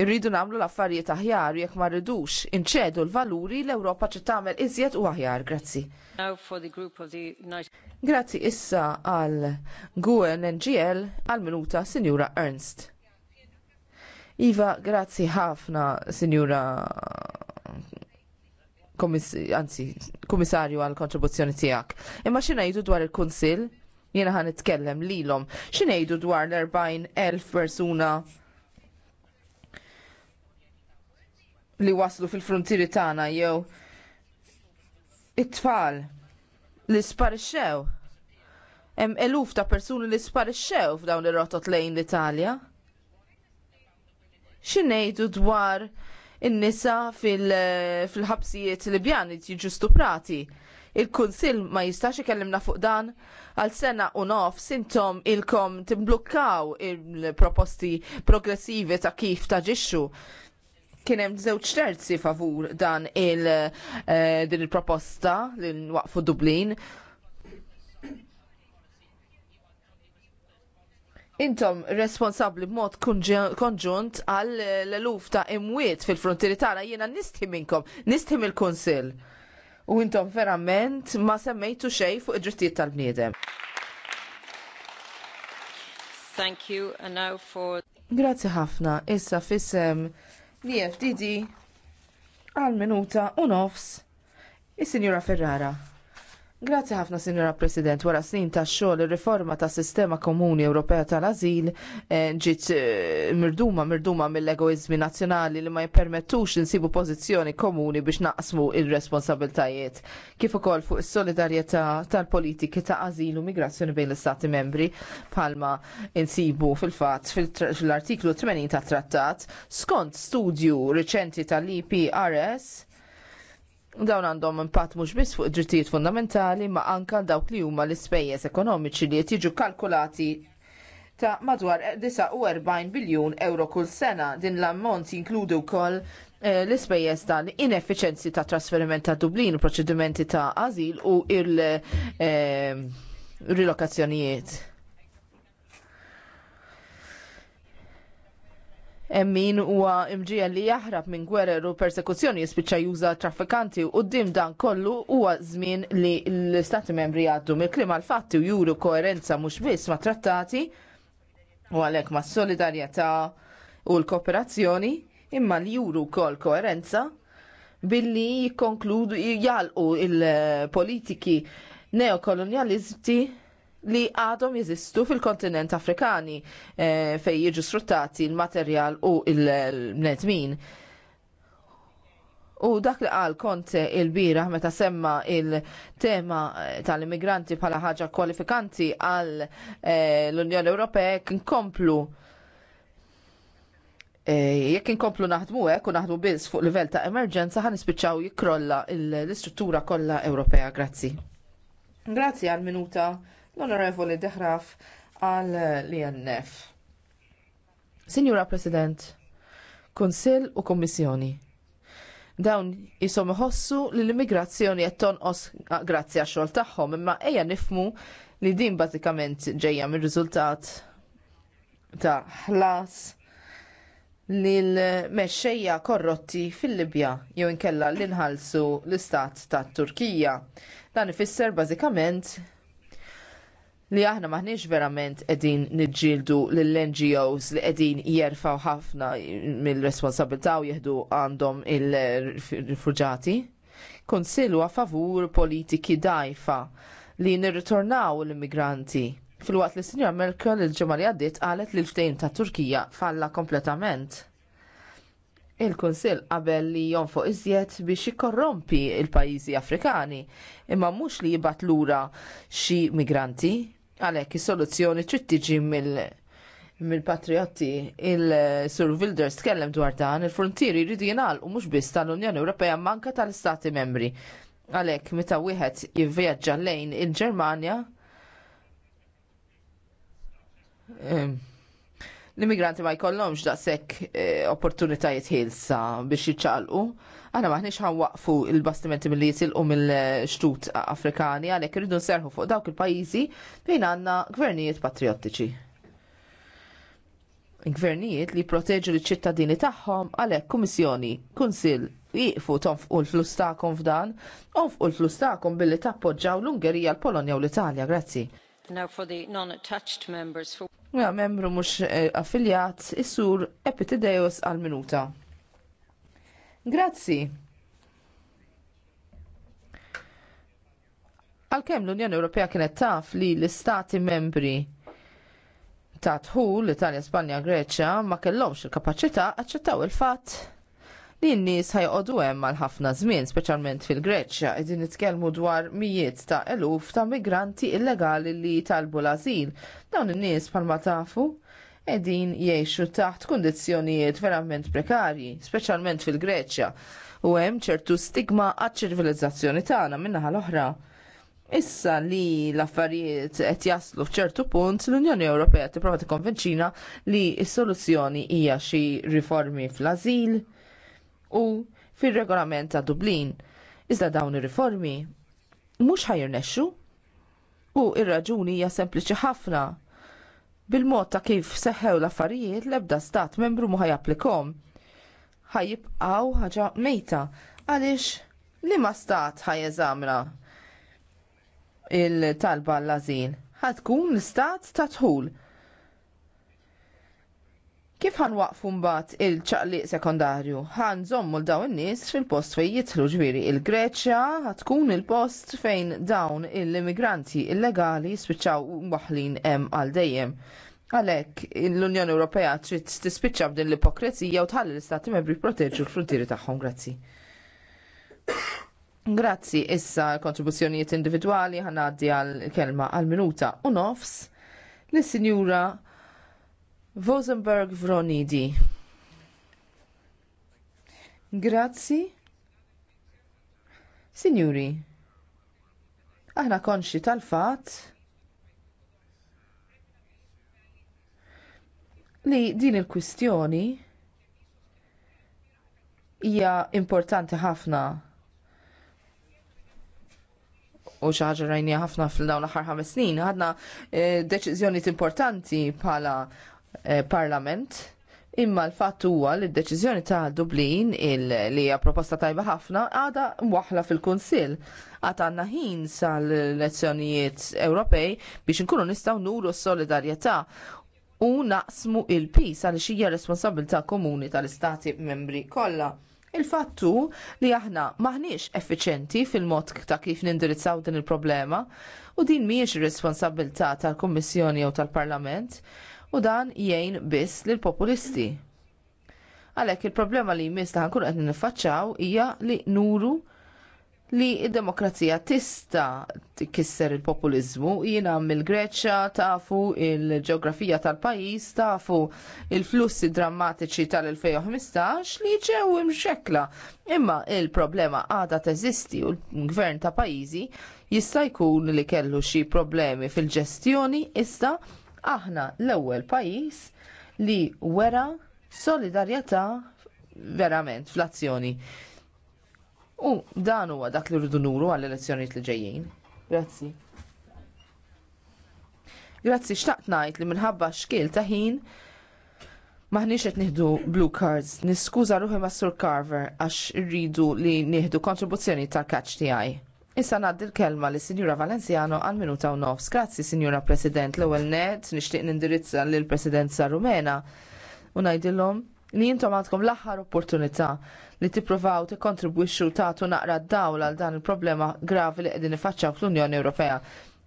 Irridu nagħmlu l-affarijiet aħjar jekk ma rridux inċedu l-valuri l-Ewropa ċi tagħmel iżjed u aħjar, grazzi. Grazzi issa għal Gwen NGL għal minuta Sinjura Ernst. Iva, grazzi ħafna, Sinjura anzi, kummissarju għal kontribuzzjoni tiegħek. Imma xi ngħidu dwar il-Kunsill? Jiena ħan nitkellem lilhom. Xi ngħidu dwar l-40,000 persuna li waslu fil frontiri tagħna jew it-tfal li sparixxew. Hemm eluf ta' persuni li sparixxew f'dawn ir-rotot lejn l-Italja. ngħidu dwar in-nisa fil-ħabsijiet fil Libjan jiġu stuprati. Il-Kunsill ma jistax ikellimna fuq dan għal sena u nof sintom ilkom timblukkaw il-proposti progressivi ta' kif taġixxu. Kien hemm żewġ terzi favur dan il eh, il-proposta li nwaqfu Dublin intom responsabli b'mod konġunt għal l-eluf ta' imwiet fil-frontieri tagħna jiena nistħi minnkom, nistħi mill-Kunsill. U intom verament ma semmejtu xejn fuq id-drittijiet tal-bniedem. Thank you and now for Grazzi ħafna, issa fissem li FDD għal minuta u nofs is-Sinjura Ferrara. Grazzi ħafna, Sinjora President. Wara snin ta' xogħol ir-riforma ta' sistema komuni Ewropea tal-Azil eh, ġiet eh, mirduma mirduma mill-egoizmi nazzjonali li ma jippermettux insibu pożizzjoni komuni biex naqsmu ir-responsabiltajiet. Kif ukoll fuq is-solidarjetà tal-politiki ta' azil u migrazzjoni bejn l-Istati membri palma insibu fil-fatt fil-artiklu 80 tat trattat skont studju riċenti tal-IPRS Dawn għandhom impatt mhux biss fuq drittijiet fundamentali ma anka dawk li huma l-ispejjeż ekonomiċi li qed jiġu kalkulati ta' madwar 49 biljun euro kull sena. Din l-ammont jinkludu wkoll eh, l-ispejjeż tal ineffiċenzi ta' trasferiment ta' Dublin, proċedimenti ta' azil u il-rilokazzjonijiet. Eh, min huwa imġija li jaħrab minn gwerer u persekuzzjoni jispiċa juża traffikanti u dim dan kollu huwa żmien li l-Stati membri għaddu mill-klima l-fatti u juru koerenza mhux biss ma' trattati u għalhekk ma' solidarjetà u l-kooperazzjoni imma li juru kol koerenza billi jikkonkludu jgħalqu il-politiki neokolonialisti li għadhom jeżistu fil-kontinent Afrikani fejn eh, fej jiġu sfruttati l-materjal u l-bnedmin. U dak li qal kont il-bira meta semma il-tema eh, tal-immigranti bħala ħaġa kwalifikanti għal eh, l-Unjoni Ewropea jekk inkomplu jekk inkomplu naħdmu hekk u naħdmu biss fuq livell ta' emerġenza ħan nispiċċaw jikkrolla l-istruttura kollha Ewropea. Grazzi. Grazzi għal minuta l-Onorevoli Deħraf għal l-INF. Signora President, Konsil u Kommissjoni. Dawn jisom iħossu li l-immigrazzjoni qed tonqos grazzi għax-xogħol tagħhom, imma ejja nifmu li din bażikament ġejja mir-riżultat ta' ħlas lil mexxejja korrotti fil-Libja jew inkella l-inħalsu l-istat tat Turkija. Dan ifisser bażikament li aħna maħniex verament edin nġildu l-NGOs li edin jerfaw ħafna mill responsabilta u jihdu għandhom il-rifugġati. Konsilu għafavur politiki dajfa li nirritornaw l-immigranti. Fil-waqt li Sinjor Merkel il ġemali li għaddit għalet li l-ftejn ta' Turkija falla kompletament il-Kunsill qabel li jonfoq iżjed biex jikorrompi l pajjiżi Afrikani imma mhux li jibgħat lura xi migranti. Għalhekk is-soluzzjoni trid tiġi mill-patriotti il-Sur Wilders tkellem dwar dan il-frontieri jridu jingħalqu mhux biss tal-Unjoni Ewropea manka tal-Istati Membri. Għalhekk meta wieħed jivvjaġġa lejn il-Ġermanja ehm, l-immigranti ma jkollhomx daqshekk eh, opportunitajiet ħielsa biex jiċċaqalqu. Għana maħniex ħanwaqfu il-bastimenti mill-li jisilqu mill-xtut Afrikani għalhekk irridu nserħu fuq dawk il-pajjiżi fejn għandna gvernijiet patriottiċi. Gvernijiet li proteġu l ċittadini tagħhom għalhekk kummissjoni, kunsill jiqfu tonfqu l-flus tagħkom f'dan, onfqu l-flus tagħkom billi tappoġġaw l-Ungerija, l-Polonja u l-Italja, grazzi. Now for the non-attached members for membru mhux eh, affiljat is-sur Epitideos għal minuta. Grazzi. Għalkemm l-Unjoni Ewropea kienet taf li l-istati membri ta' tħu l-Italja, Spanja, Greċja ma kellhomx il-kapaċità aċċettaw il-fatt li n-nies ħajqodu hemm għal ħafna żmien, speċjalment fil-Greċja, qegħdin nitkellmu dwar mijiet ta' eluf ta' migranti illegali li talbu l-ażil. Dawn in-nies bħalma tafu qegħdin jgħixu taħt kundizzjonijiet verament prekarji, speċjalment fil-Greċja, u hemm ċertu stigma għaċ-ċivilizzazzjoni tagħna min-naħa l-oħra. Issa li l-affarijiet qed jaslu f'ċertu punt l-Unjoni Ewropea tipprova tikkonvinċina li s-soluzzjoni hija xi riformi fl-ażil, u fir-regolament ta' Dublin. Iżda dawn ir-riformi mhux ħajrnexxu u ir-raġuni hija sempliċi ħafna bil-mod ta' kif seħħew l-affarijiet l-ebda stat membru ma ħajaplikom. ħajibqgħu ħaġa mejta għaliex li ma stat ħajeżamra il-talba l-azil. Ħatkun l-istat ta' tħul Kif ħan waqfu mbagħad il-ċaqliq sekondarju? Ħan zommu l dawn in-nies fil-post fejn jitlu ġviri il-Greċja tkun il-post fejn dawn il immigranti illegali spiċċaw waħlin hemm għal dejjem. Għalhekk l-Unjoni Ewropea trid tispiċċa b'din l-ipokrizija u tħalli l-Istati Membri proteġu l-fruntieri tagħhom. Grazzi. Grazzi, issa kontribuzzjonijiet individwali ħanaddi għal kelma għal minuta u nofs l-Sinjura Vosenberg Vronidi. Grazzi. Signori, aħna konxi tal-fat li din il-kwistjoni hija importanti ħafna u xaħġa rajnija ħafna fil dawn l-aħħar ħames snin, ħadna eh, deċiżjoni importanti bħala Eh, parlament imma l-fatt huwa li d-deċiżjoni ta' Dublin li hija proposta tajba ħafna għadha waħla fil-Kunsill għat għandna ħin sal-elezzjonijiet Ewropej biex inkunu nistgħu nuru s-solidarjetà u naqsmu il-pis għal xija responsabilità komuni tal-istati membri kollha. Il-fattu li aħna maħniex effiċenti fil-mod ta' kif nindirizzaw din il-problema u din mhijiex ir responsabilità tal-Kummissjoni jew tal-Parlament u dan jgħin biss lill populisti. Għalhekk il-problema li jmiss taħan kun qed niffaċċaw hija li nuru li d demokrazija tista tkisser il-populiżmu jiena mill-Greċja tafu il-ġeografija tal-pajjiż tafu il-flussi drammatiċi tal-2015 li ġew imxekla. Imma il-problema għadha teżisti u l-gvern ta' pajjiżi jista' jkun li kellu xi problemi fil-ġestjoni issa aħna l-ewwel pajjiż li wera solidarjetà verament fl-azzjoni. U dan huwa dak li rridu nuru għall-elezzjonijiet li ġejjin. Grazzi. Grazzi xtaqt ngħid li minħabba xkiel ta' ħin Maħniex qed nieħdu blue cards. Niskuża ruħi ma' Sur Carver għax irridu li nieħdu kontribuzzjoni tal-kaċ tiegħi. Issa naddi l-kelma li Sinjura Valenziano għal minuta u nofs. Grazzi, Sinjura President, l ewwel net, nixtieq nindirizza lill presidenza rumena u ngħidilhom li jintom għandkom l-aħħar opportunità li tippruvaw tikkontribwixxu tagħtu naqra d-dawl għal dan il-problema gravi li qegħdin ifaċċaw fl-Unjoni Ewropea.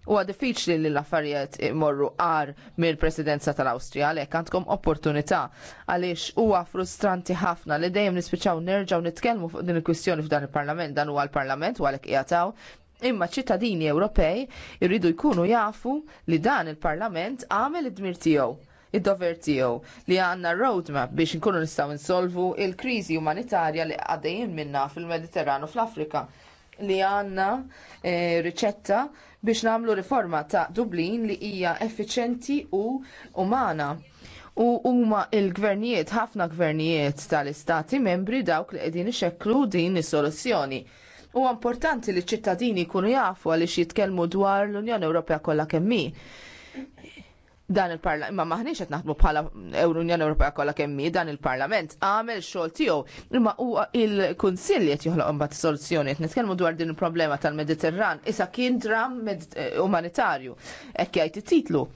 U għad diffiċli li l-affarijiet imorru għar mill-presidenza tal-Awstrija għalhekk għandkom opportunità għaliex huwa frustranti ħafna li dejjem nispiċaw nerġgħu nitkellmu fuq din il-kwistjoni f'dan il-Parlament dan huwa l-Parlament u għalek jgħataw, imma ċittadini Ewropej irridu jkunu jafu li dan il-Parlament għamel id-dmir tiegħu id-dover tiegħu li għandna roadmap biex inkunu nistgħu insolvu il-kriżi umanitarja li għaddejjin minna fil-Mediterranu fl-Afrika li għandna e, riċetta biex nagħmlu riforma ta' Dublin li hija effiċenti u umana. U huma il-gvernijiet, ħafna gvernijiet tal-istati membri dawk li qegħdin ixekklu din is-soluzzjoni. U importanti li ċ-ċittadini jkunu jafu għaliex jitkellmu dwar l-Unjoni Ewropea kollha kemm dan il-parlament, ma maħniex qed naħdmu bħala Unjoni Ewropea kollha kemm dan il-parlament għamel xogħol tiegħu, imma huwa il-Kunsill qed joħloq imbagħad soluzzjoni qed nitkellmu dwar din il-problema tal-Mediterran, issa kien dram eh, umanitarju, hekk jgħid it-titlu.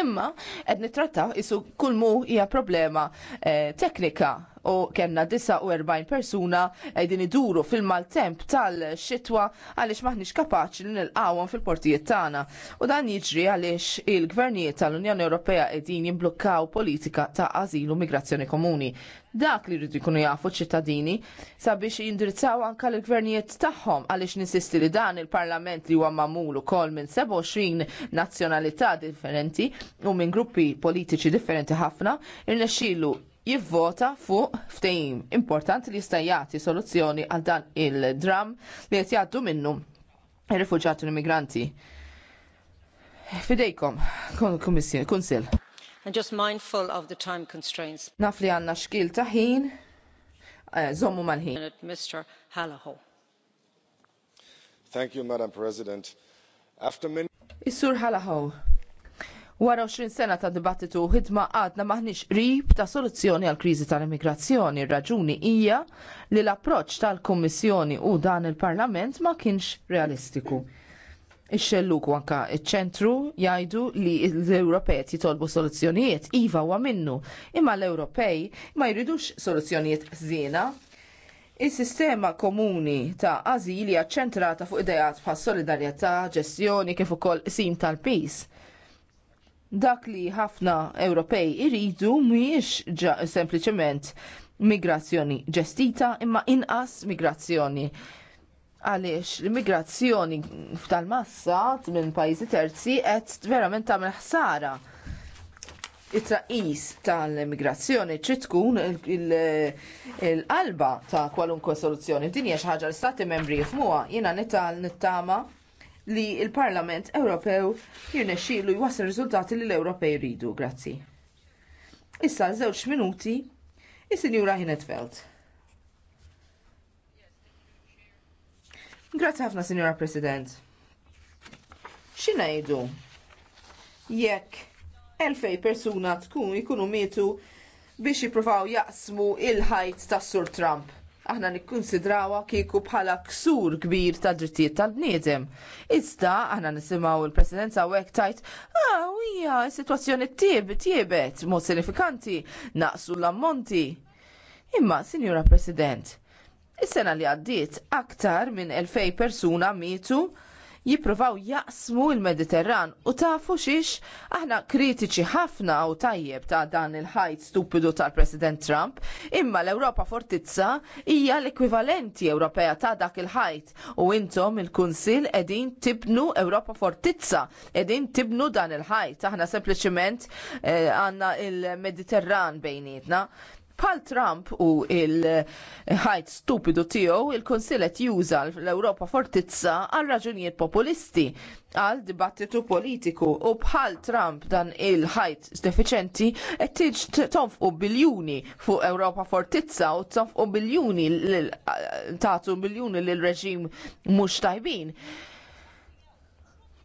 Imma qed nittrattaw isu kull mu hija problema eh, teknika u kena 49 persuna qegħdin iduru fil-maltemp tal-xitwa għaliex maħniex kapaċi li nilqawhom fil-portijiet tagħna. U dan jiġri għaliex il-gvernijiet tal-Unjoni Ewropea qegħdin jimblokkaw politika ta' azilu u migrazzjoni komuni dak li rridu jkunu jafu ċittadini sabiex jindirizzaw anka l-gvernijiet tagħhom għaliex ninsisti li dan il-Parlament li huwa magħmul ukoll minn 27 nazzjonalità differenti u minn gruppi politiċi differenti ħafna irnexxielu jivvota fuq ftehim importanti li jista' jagħti soluzzjoni għal dan il-dram li qed jgħaddu minnu ir-rifuġjati u l-immigranti. Fidejkom, kunsil. And just mindful of the time constraints. Naf li għandna xkil ta' ħin, eh, malħin. Mr. Halaho. Thank you, Madam President. After min- is Halaho, Wara 20 sena ta' dibattitu ħidma għadna maħniex rib ta' soluzzjoni għal kriżi tal-immigrazzjoni. Raġuni hija li l-approċċ tal-Kummissjoni u dan il-Parlament ma kienx realistiku. Ix-xelluk anka iċ-ċentru jgħidu li l-Ewropej jitolbu soluzzjonijiet iva huwa minnu, imma l-Ewropej ma jridux soluzzjonijiet żiena. Is-sistema komuni ta' azili ċentrata fuq idejat bħal solidarjetà, ġestjoni kif ukoll sim tal-pis dak li ħafna Ewropej iridu mhijiex sempliċement migrazzjoni ġestita imma inqas migrazzjoni. Għaliex l-immigrazzjoni tal-massa minn pajjiżi terzi qed verament tagħmel ħsara it-traqis tal-immigrazzjoni trid tkun il-qalba ta' kwalunkwe soluzzjoni. Din hija xi ħaġa l stati membri jifmuha. Jiena nital nittama li l parlament Ewropew jirnexxielu jwassal riżultati li l-Ewropej jridu. Grazzi. Issa żewġ minuti is-Sinjura Hinetfeld. Grazzi ħafna, Sinjura President. Xinajdu? Jekk elfej persuna tkun ikunu mietu biex jippruvaw jaqsmu il-ħajt tas Sur Trump aħna nikkonsidrawha kieku bħala ksur kbir ta' drittijiet tal-bniedem. Iżda aħna nisimgħu l president hawnhekk tajt ah hija sitwazzjoni tieb tiebet mod sinifikanti naqsu l-ammonti. Imma, Sinjura President, is-sena li għaddiet aktar minn 2000 persuna mietu jippruvaw jaqsmu il-Mediterran u tafu xiex aħna kritiċi ħafna u tajjeb ta' dan il-ħajt stupidu tal-President Trump, imma l-Ewropa Fortizza hija l-ekwivalenti Ewropea ta' dak il-ħajt u intom il-Kunsil edin tibnu Ewropa Fortizza, edin tibnu dan il-ħajt, aħna sempliciment eh, għanna eh, il-Mediterran bejnietna. Pal Trump u il-ħajt eh, stupidu tiegħu il-Kunsill qed juża l-Ewropa fortizza għal raġunijiet populisti għal dibattitu politiku u bħal Trump dan il-ħajt defiċenti qed tiġ tonfqu biljuni fuq Ewropa fortizza u tonfqu biljuni eh, tagħtu biljuni lil reġim mhux tajbin.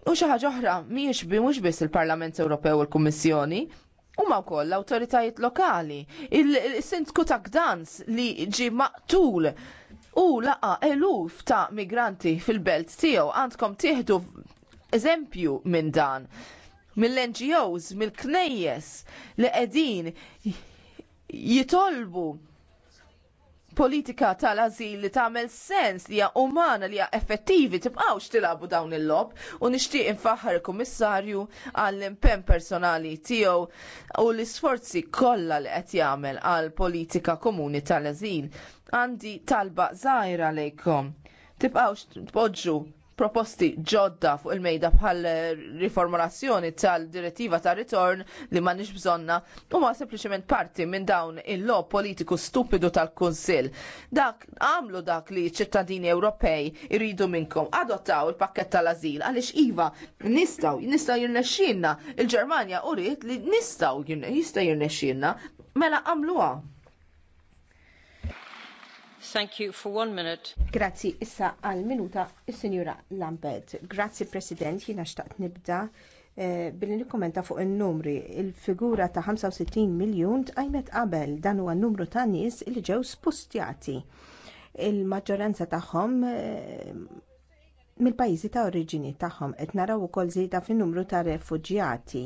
U xi ħaġa oħra mhijiex bi mhux biss il-Parlament Ewropew u l-Kummissjoni, Huma wkoll l-awtoritajiet lokali, il-sindku ta' Gdans li ġi maqtul u laqa eluf ta' migranti fil-belt tiegħu għandkom tieħdu eżempju minn dan mill-NGOs, mill-knejjes li qegħdin jitolbu politika tal-azil li tagħmel sens li hija umana li hija effettivi tibqgħux tilabu dawn il-lob u nixtieq infaħħar il-Kummissarju għall impenn personali tiegħu u l-isforzi kollha li qed jagħmel għal politika komuni tal-azil. Għandi talba żgħira lejkom. Tibqgħux tpoġġu proposti ġodda fuq il-mejda bħal riformulazzjoni tal-direttiva ta' ritorn li ma nix bżonna u ma sempliciment parti minn dawn il-lo politiku stupidu tal-Kunsil. Dak għamlu dak li ċittadini Ewropej iridu minnkom adottaw il-pakket tal-azil għalix iva nistaw, nistaw jirnexxinna il-Ġermanja u rrit li nistaw jista jirnexxinna mela għamluha. Thank you for one minute. Grazzi issa għal minuta il sinjura Lambert. Grazzi President, jiena xtaqt nibda eh, billi nikkommenta fuq in-numri. Il-figura ta' 65 miljun għajmet qabel dan huwa n-numru ta' nies li ġew spustjati. Il-maġġoranza tagħhom eh, mill-pajjiżi ta' oriġini tagħhom qed naraw ukoll żieda fin-numru ta' refuġjati.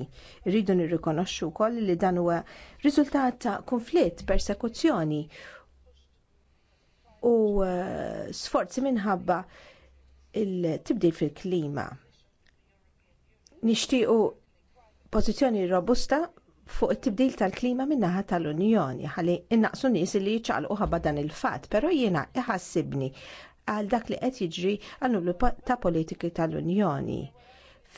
Rridu nirrikonoxxu wkoll li dan huwa riżultat ta' kunflitt, persekuzzjoni u eh, sforzi minħabba il-tibdil fil-klima. Nixtiequ pożizzjoni robusta fuq it-tibdil tal-klima min-naħa tal-Unjoni ħalli innaqsu nies li jċaqlqu ħabba dan il-fatt, però jiena iħassibni għal dak li qed jiġri għal ta' politiki tal-Unjoni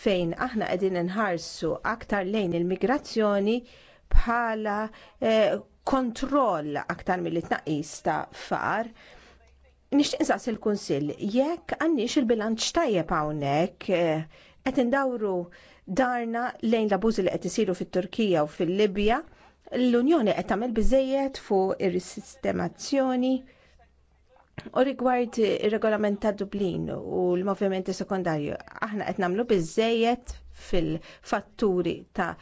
fejn aħna qegħdin inħarsu aktar lejn il-migrazzjoni bħala eh, kontroll aktar mill tnaqqis ta' faqar. Nixtieq insaqs il-Kunsill jekk għandix il-bilanċ tajjeb hawnhekk eh, qed indawru darna lejn l-abużi li qed isiru fit-Turkija u fil-Libja, l-Unjoni qed tagħmel biżejjed fuq ir-sistemazzjoni U rigward ir-regolament ta' Dublin u l-movimenti sekondarju, aħna qed nagħmlu biżejjed fil-fatturi ta'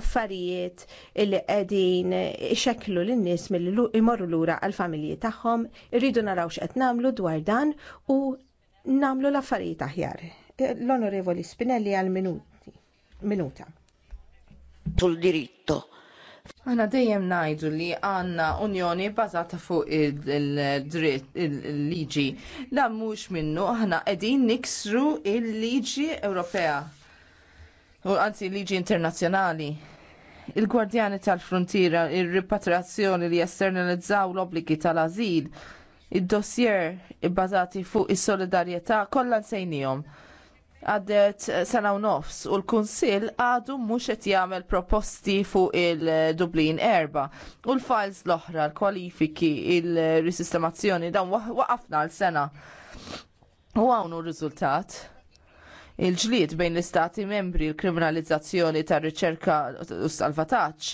affarijiet illi qegħdin ixekklu lin nies milli imorru lura għall-familji tagħhom, irridu naraw x'qed nagħmlu dwar dan u nagħmlu l-affarijiet aħjar. L-Onorevoli Spinelli għal minuti. Minuta. Tul diritto. Aħna dejjem ngħidu li għandna unjoni bazata fuq il-dritt il-liġi. Da mux minnu aħna qegħdin niksru l liġi Ewropea u anzi liġi internazzjonali. Il-gwardjani tal-frontiera, il-ripatrazzjoni li esternalizzaw l-obbligi tal-azil, id-dossier bazati fuq is-solidarjetà kollha sejnijom. għaddet sena u nofs u l-Kunsil għadu mhux qed jagħmel proposti fuq il-Dublin erba u l-files l-oħra, l-kwalifiki, il-risistemazzjoni dan waqafna l-sena. U għawnu r-riżultat il-ġlied bejn l-istati membri l-kriminalizzazzjoni tar riċerka u salvataġġ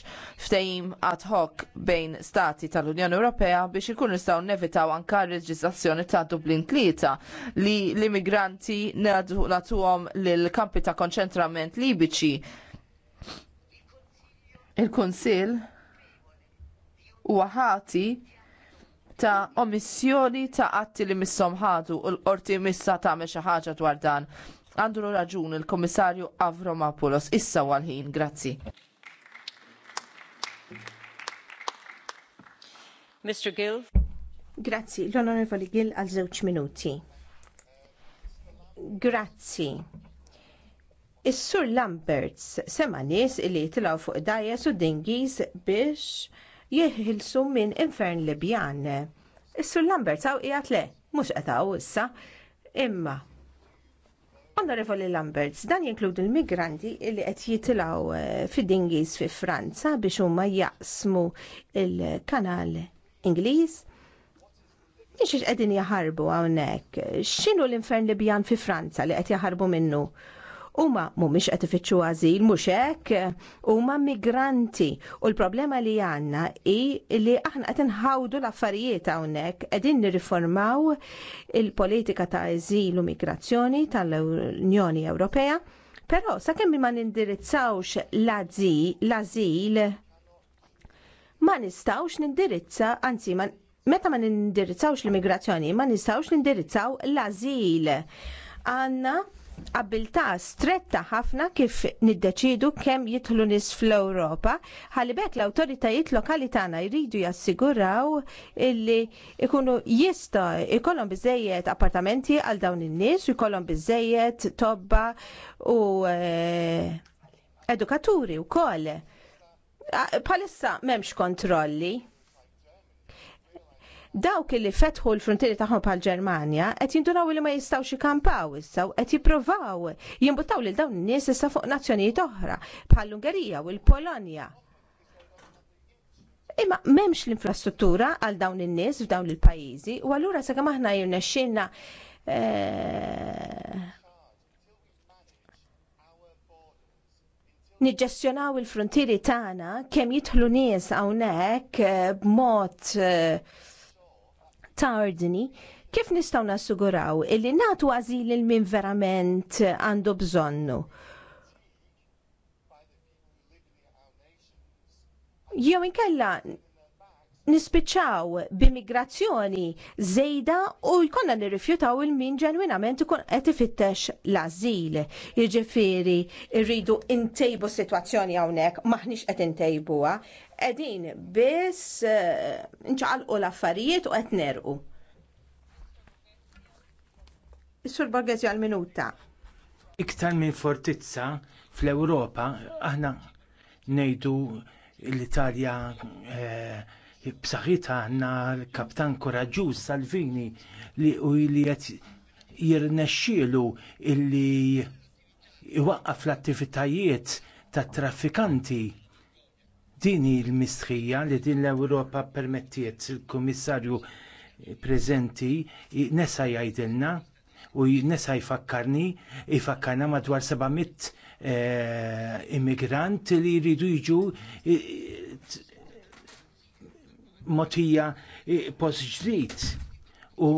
ftehim ad hoc bejn stati tal-Unjoni Ewropea biex ikun nistgħu nevitaw anka r-reġistrazzjoni ta' Dublin tlieta li l-immigranti nagħtuhom lill kampi ta' konċentrament libiċi. Il-Kunsill huwa ħati ta' omissjoni ta' atti li missom ħadu u l-qorti missa tagħmel xi ħaġa dwar dan għandu raġun il-Komissarju Avromapulos. Issa għal-ħin, grazzi. Mr. Gill. Grazzi, l-Onorevoli Gill għal żewġ minuti. Grazzi. Is-Sur Lamberts sema nies li tilgħu fuq dajes u dingis biex jeħilsu minn infern Libjan. Is-Sur Lamberts għaw qiegħed le, mhux qed issa, imma Onorevoli Lamberts, dan jinkludu l-migranti li qed jitilaw eh, fid-dingis fi Franza biex huma jaqsmu il-kanal Ingliż. Nix qegħdin jaħarbu hawnhekk. X'inhu l-infern Libjan fi Franza li qed jaħarbu minnu? huma mhumiex qed ifittxu għażil mhux hekk huma migranti u l-problema li għandna hi li aħna qed inħawdu l-affarijiet hawnhekk qegħdin nirriformaw il-politika ta' eżil u migrazzjoni tal-Unjoni Ewropea. Però sakemm ma nindirizzawx l-azil ma nistawx nindirizza, anzi ma meta ma nindirizzawx l-immigrazzjoni, ma nistawx nindirizzaw l-azil. Għanna abilta stretta ħafna kif niddeċidu kemm jidħlu nies fl-Ewropa, ħalli l-awtoritajiet lokali tagħna jridu jassiguraw illi ikunu jista jkollhom biżejjed appartamenti għal dawn in-nies, jkollhom biżejjed tobba u eh, edukaturi wkoll. Bħalissa m'hemmx kontrolli dawk li fetħu l-frontieri tagħhom bħal Ġermanja qed jindunaw li ma jistgħux ikampaw issa u qed jippruvaw jimbuttaw lil dawn in-nies issa fuq nazzjonijiet oħra bħal l-Ungerija u l-Polonja. Imma m'hemmx l-infrastruttura għal dawn in-nies f'dawn il-pajjiżi u allura sakemm aħna jirnexxinna eh, niġġestjonaw il-frontieri tagħna kemm jidħlu nies hawnhekk eh, b'mod uh, Tardni, kif nistgħu nassuguraw illi nagħtu għażil il min verament għandu bżonnu? Jew inkella nispiċċaw b'immigrazzjoni żejda u jkollna nirrifjutaw il-min ġenwinament ikun qed ifittex l-ażil. Jiġifieri rridu ntejbu sitwazzjoni hawnhekk m'aħniex qed intejbuha qegħdin biss eh, nċaqalqu l-affarijiet u qed nerqu. Is-Sur Borghesi għal-minuta. Iktar minn fortizza fl-Ewropa aħna ngħidu l-Italja eh, b'saħħitha għandna l-kaptan koraġġuż Salvini li u li qed jirnexxielu illi iwaqqaf l-attivitajiet tat traffikanti Din hi l-mistħija li din l-Ewropa permettiet il-Kummissarju preżenti nesa jgħidilna u nesa jfakkarni, jfakkarna madwar 700 e, eh, immigrant li jridu jiġu motija post ġdid u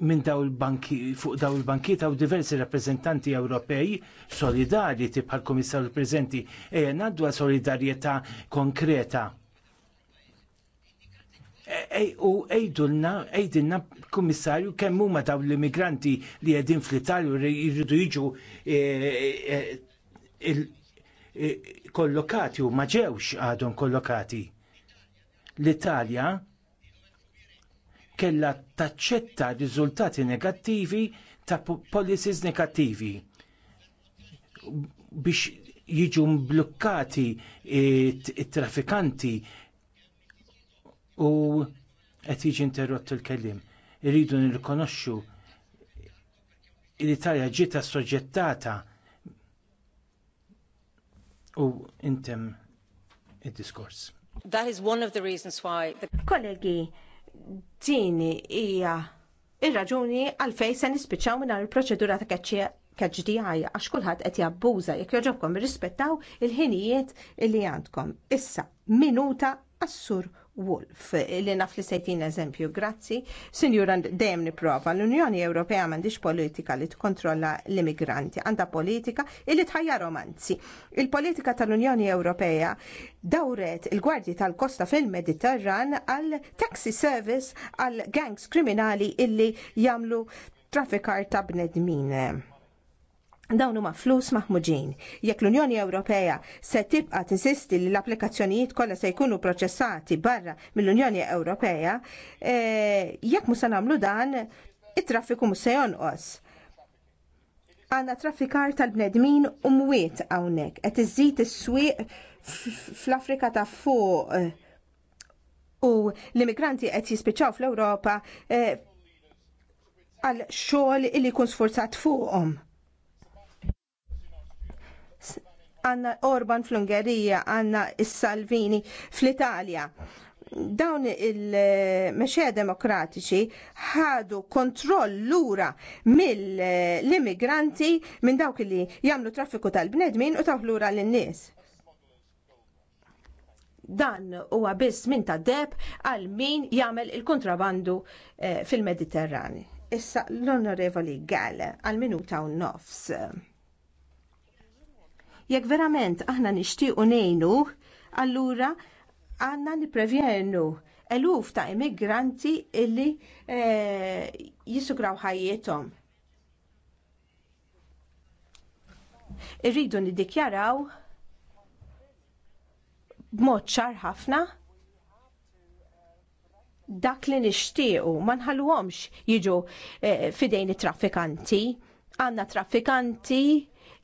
minn daw il-banki, fuq daw il-banki taw diversi rappresentanti Ewropej solidari bħal komissar prezenti e naddu solidarieta konkreta. E, e u ejdulna, ejdilna komissarju kemm huma daw l-immigranti li għedin fl-Italju jridu jiġu e, e, kollokati u maġewx għadhom kollokati. L-Italja kella taċċetta riżultati negattivi ta' policies negattivi biex jiġu mblukkati it-trafikanti u qed jiġi interrott il kelliem Irridu nirrikonoxxu l-Italja ġiet assoġġettata u intem id-diskors. That is one of the reasons why the... Kollegi, dini hija ir-raġuni għalfejn se nispiċċaw minn il-proċedura ta' KGDI għax kulħadd qed jabbuża jekk joġobkom irrispettaw il-ħinijiet li għandkom. Issa minuta Assur Wolf li naf li sejtin eżempju, grazzi. Sinjura dejjem niprofa l-Unjoni Ewropea m'għandix politika li tkontrolla l-immigranti, għanda politika li tħajja romanzi. Il-politika tal-Unjoni Ewropea dawret il-gwardji tal-kosta fil-Mediterran għal taxi service għal gangs kriminali illi jagħmlu traffikar ta' bnedmin Dawn huma flus maħmuġin. Jekk l-Unjoni Ewropea se tibqa' tinsisti li l-applikazzjonijiet kollha se jkunu proċessati barra mill-Unjoni Ewropea, e, jekk mhux se nagħmlu dan, it-traffiku mhux se jonqos għanna traffikar tal-bnedmin u mwiet għawnek. Għet iżżid is-swieq fl-Afrika ta' fuq u l-immigranti qed jispiċċaw fl-Ewropa e, għal xogħol illi jkun sforzat fuqhom. għanna Orban fl-Ungerija, għanna salvini fl-Italja. Dawn il-mexja demokratiċi ħadu kontroll lura mill-immigranti minn dawk li jamlu traffiku tal-bnedmin u taħ lura l-nies. Dan huwa biss minn ta' deb għal min jagħmel il-kontrabandu eh, fil-Mediterrani. Issa l-Onorevoli Gall għal minuta u nofs. Jekk verament aħna nixtiequ ngħinu, allura għandna nipprevjernu eluf ta' immigranti illi eh, jisugraw ħajjithom. Irridu niddikjaraw b'mod ċar ħafna dak li nixtiequ ma nħalluhomx jiġu eh, fidejn it-traffikanti. Għandna traffikanti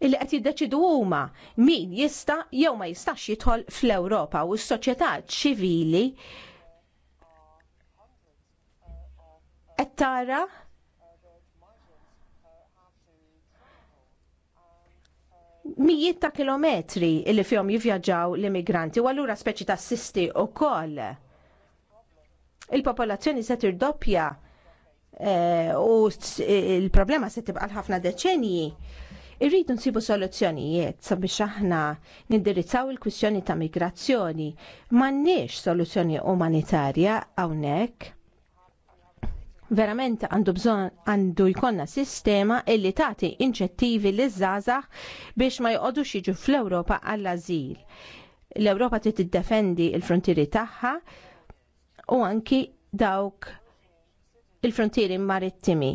illi qed jiddeċidu huma min jista' jew ma jistax jidħol fl-Ewropa u s-soċjetà ċivili qed tara mijiet ta' kilometri illi fihom jivvjaġġaw l-immigranti u allura speċi ta' assisti wkoll. Il-popolazzjoni se tirdoppja eh, u l problema se tibqa' ħafna deċenji Irridu nsibu soluzzjonijiet sabiex aħna nindirizzaw il-kwistjoni ta' migrazzjoni. M'għandniex soluzzjoni umanitarja hawnhekk. Verament għandu bżon għandu jkonna sistema illi tagħti inċettivi li żgħażagħ biex ma jqogħdux jiġu fl-Ewropa għall-ażil. L-Ewropa trid tiddefendi l-frontieri tagħha u anki dawk il-frontieri marittimi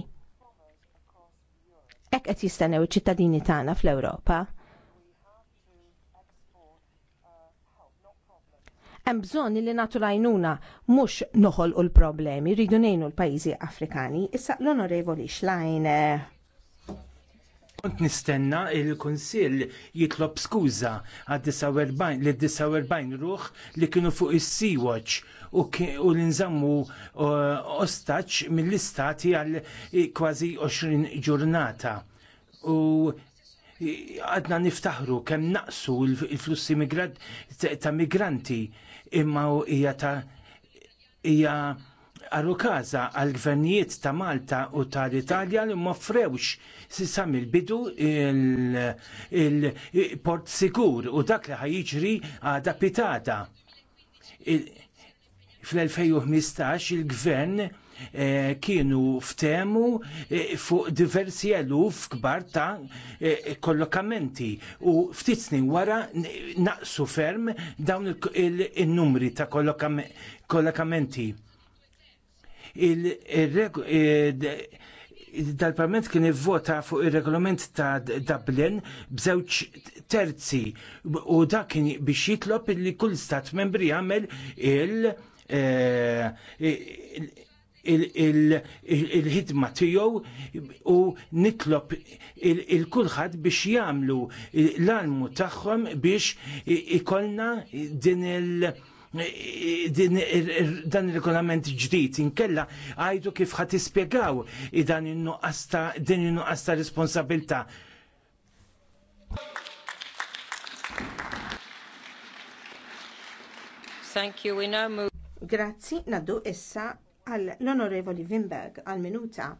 Ek qed jistennew iċ-ċittadini tagħna fl-Ewropa. Hemm bżonn li nagħtu lajnuna mhux noħolqu l-problemi, rridu ngħinu l-pajjiżi Afrikani. Issa l-Onorevoli Schlein Kont nistenna il-Kunsill jitlob skuża għad-49 li 49 ruħ li kienu fuq is-Sea-Watch u, l-inżammu ostaċ mill-istati għal kważi 20 ġurnata. U għadna niftaħru kemm naqsu il-flussi ta' migranti imma hija ta' hija għalu kaza għal-gvernijiet ta' Malta u tal-Italja li moffrewx sissa mill-bidu il-port il u dak li ħajġri għada pitata. Fl-2015 il-gvern eh, kienu ftemu eh, fuq diversi eluf kbar ta' eh, kollokamenti u ftit snin wara naqsu ferm dawn il-numri ta' kollokamenti dal-parlament kien ivvota fuq ir-regolament ta' Dublin b'żewġ terzi u dak kien biex jitlob li kull stat membri jagħmel il- eh, il-ħidma tiegħu u nitlob il-kulħadd biex jagħmlu l-almu tagħhom biex ikollna din il- dan il-regolament ġdid inkella għajdu kif ħat ispjegaw dan din in-nuqqas responsabilta. Thank you, we now move. Grazzi, naddu issa għall onorevoli Wimberg għal minuta.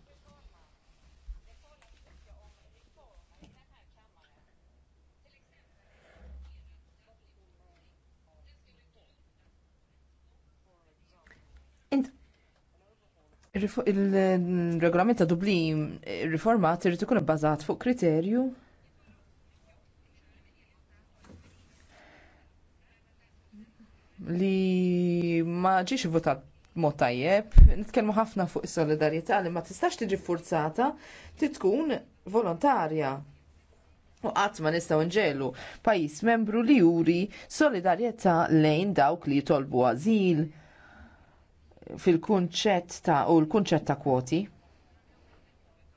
Il-regolament ta' Dublin eh, riformat irid ikun bbażat fuq kriterju li ma ġiex votat mod tajjeb, nitkellmu ħafna fuq is-solidarjetà li ma tistax tiġi forzata ti tkun volontarja. U qatt ma nistgħu nġelu pajjiż membru li juri solidarjetà lejn dawk li jitolbu għażil fil-kunċett ta' u l-kunċett ta' kwoti.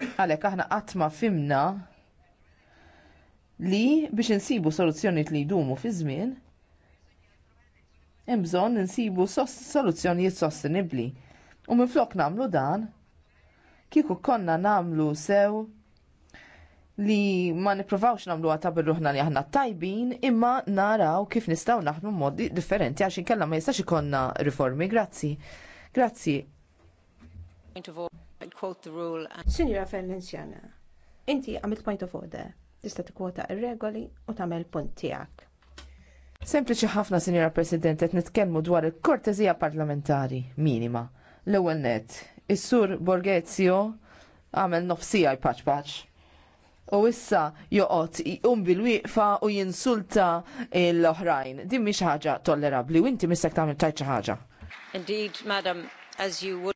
Għalhekk aħna qatt ma fimna li biex insibu soluzzjonijiet li jdumu fi żmien, hemm bżonn insibu soluzzjonijiet sostenibbli. U minflok nagħmlu dan, kieku konna nagħmlu sew li ma niprovawx namlu għata bil-ruħna li aħna tajbin imma naraw kif nistaw naħdmu modi differenti għax inkella ma jistax ikonna riformi. Grazzi. Grazzi. Signora Ferenzjana, inti għamilt point of order. Tista' tikkwota ir-regoli u tagħmel punt tiegħek. Sempliċi ħafna, Sinjora President, qed nitkellmu dwar il-kortezija parlamentari minima. L-ewwel net, is-sur Borgezio għamel nofsija jpaċ paċ. U issa joqgħod jqum bil-wieqfa u jinsulta l-oħrajn. Din mhix ħaġa tollerabbli u inti mistek tagħmel tajt xi ħaġa. Indeed, madam, as you would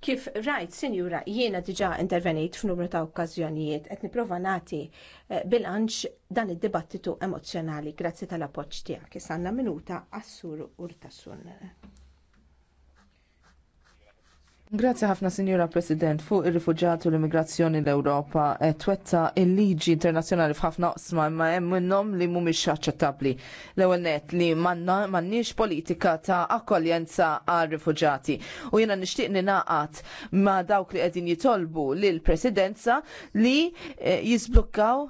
Kif rajt, sinjura, jiena diġa intervenit f'numru ta' okkażjonijiet qed nipprova nagħti eh, bilanċ dan id-dibattitu emozjonali. Grazzi tal-appoġġ tiegħek. minuta assur Urtasun. Grazzi ħafna Sinjura President fuq ir-rifuġjati u l-immigrazzjoni l-Ewropa eh, twetta il-liġi internazzjonali f'ħafna qsma imma hemm minnhom li mhumiex aċċettabbli. L-ewwel net li m'għandniex politika ta' akkoljenza għar rifuġjati u jiena nixtieq ninaqat ma' dawk li qegħdin jitolbu lill presidenza li eh, jisblukkaw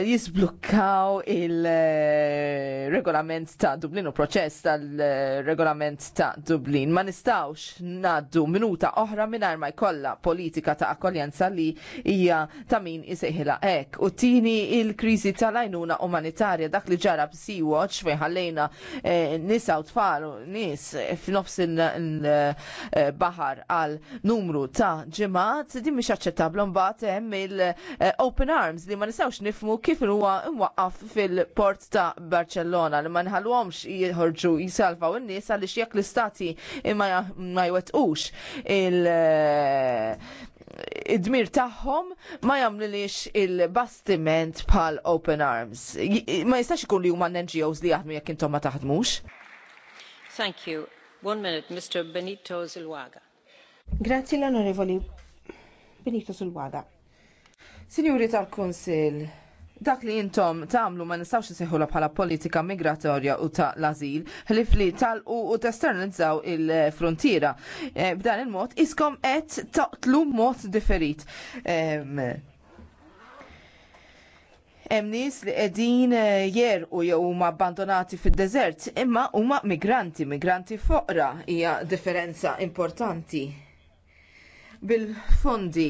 jisblukkaw il-regolament ta' Dublin u proċess tal-regolament ta' Dublin. Ma nistawx naddu minuta oħra minn ma jkolla politika ta' akkoljenza li hija ta' min isejħila ek. U tini il-krizi tal-ajnuna umanitarja dak li ġara b-Sea-Watch fejħallejna eh, nisa u tfal nis f'nofs il-bahar għal numru ta' ġemat, din mhix aċċettabbla mbagħad hemm il-open eh, arms li ma nistgħux nifmu kif huwa waqaf fil-port ta' Barcellona li ma nħallhomx jħorġu jisalvaw in-nies għaliex jekk l-istati ma jwettqux il- id-dmir tagħhom ma jagħmlilix il-bastiment bħal Open Arms. Ma jistax ikun li huma NGOs li jaħdmu jekk intom ma taħdmux. Thank you. One minute, Mr. Benito Zilwaga. Grazzi l-Onorevoli Benito Zilwaga. Signori tal-Konsil, dak li intom tagħmlu ma nistawx nseħħula bħala politika migratorja u ta' l-azil, li fli talqu u testernizzaw il-frontiera. Eh, b'dan il-mod iskom qed taqtlu mod differit. Emnis Hemm nies li qegħdin eh, jew huma abbandonati fid-deżert, imma huma migranti, migranti foqra hija differenza importanti. Bil-fondi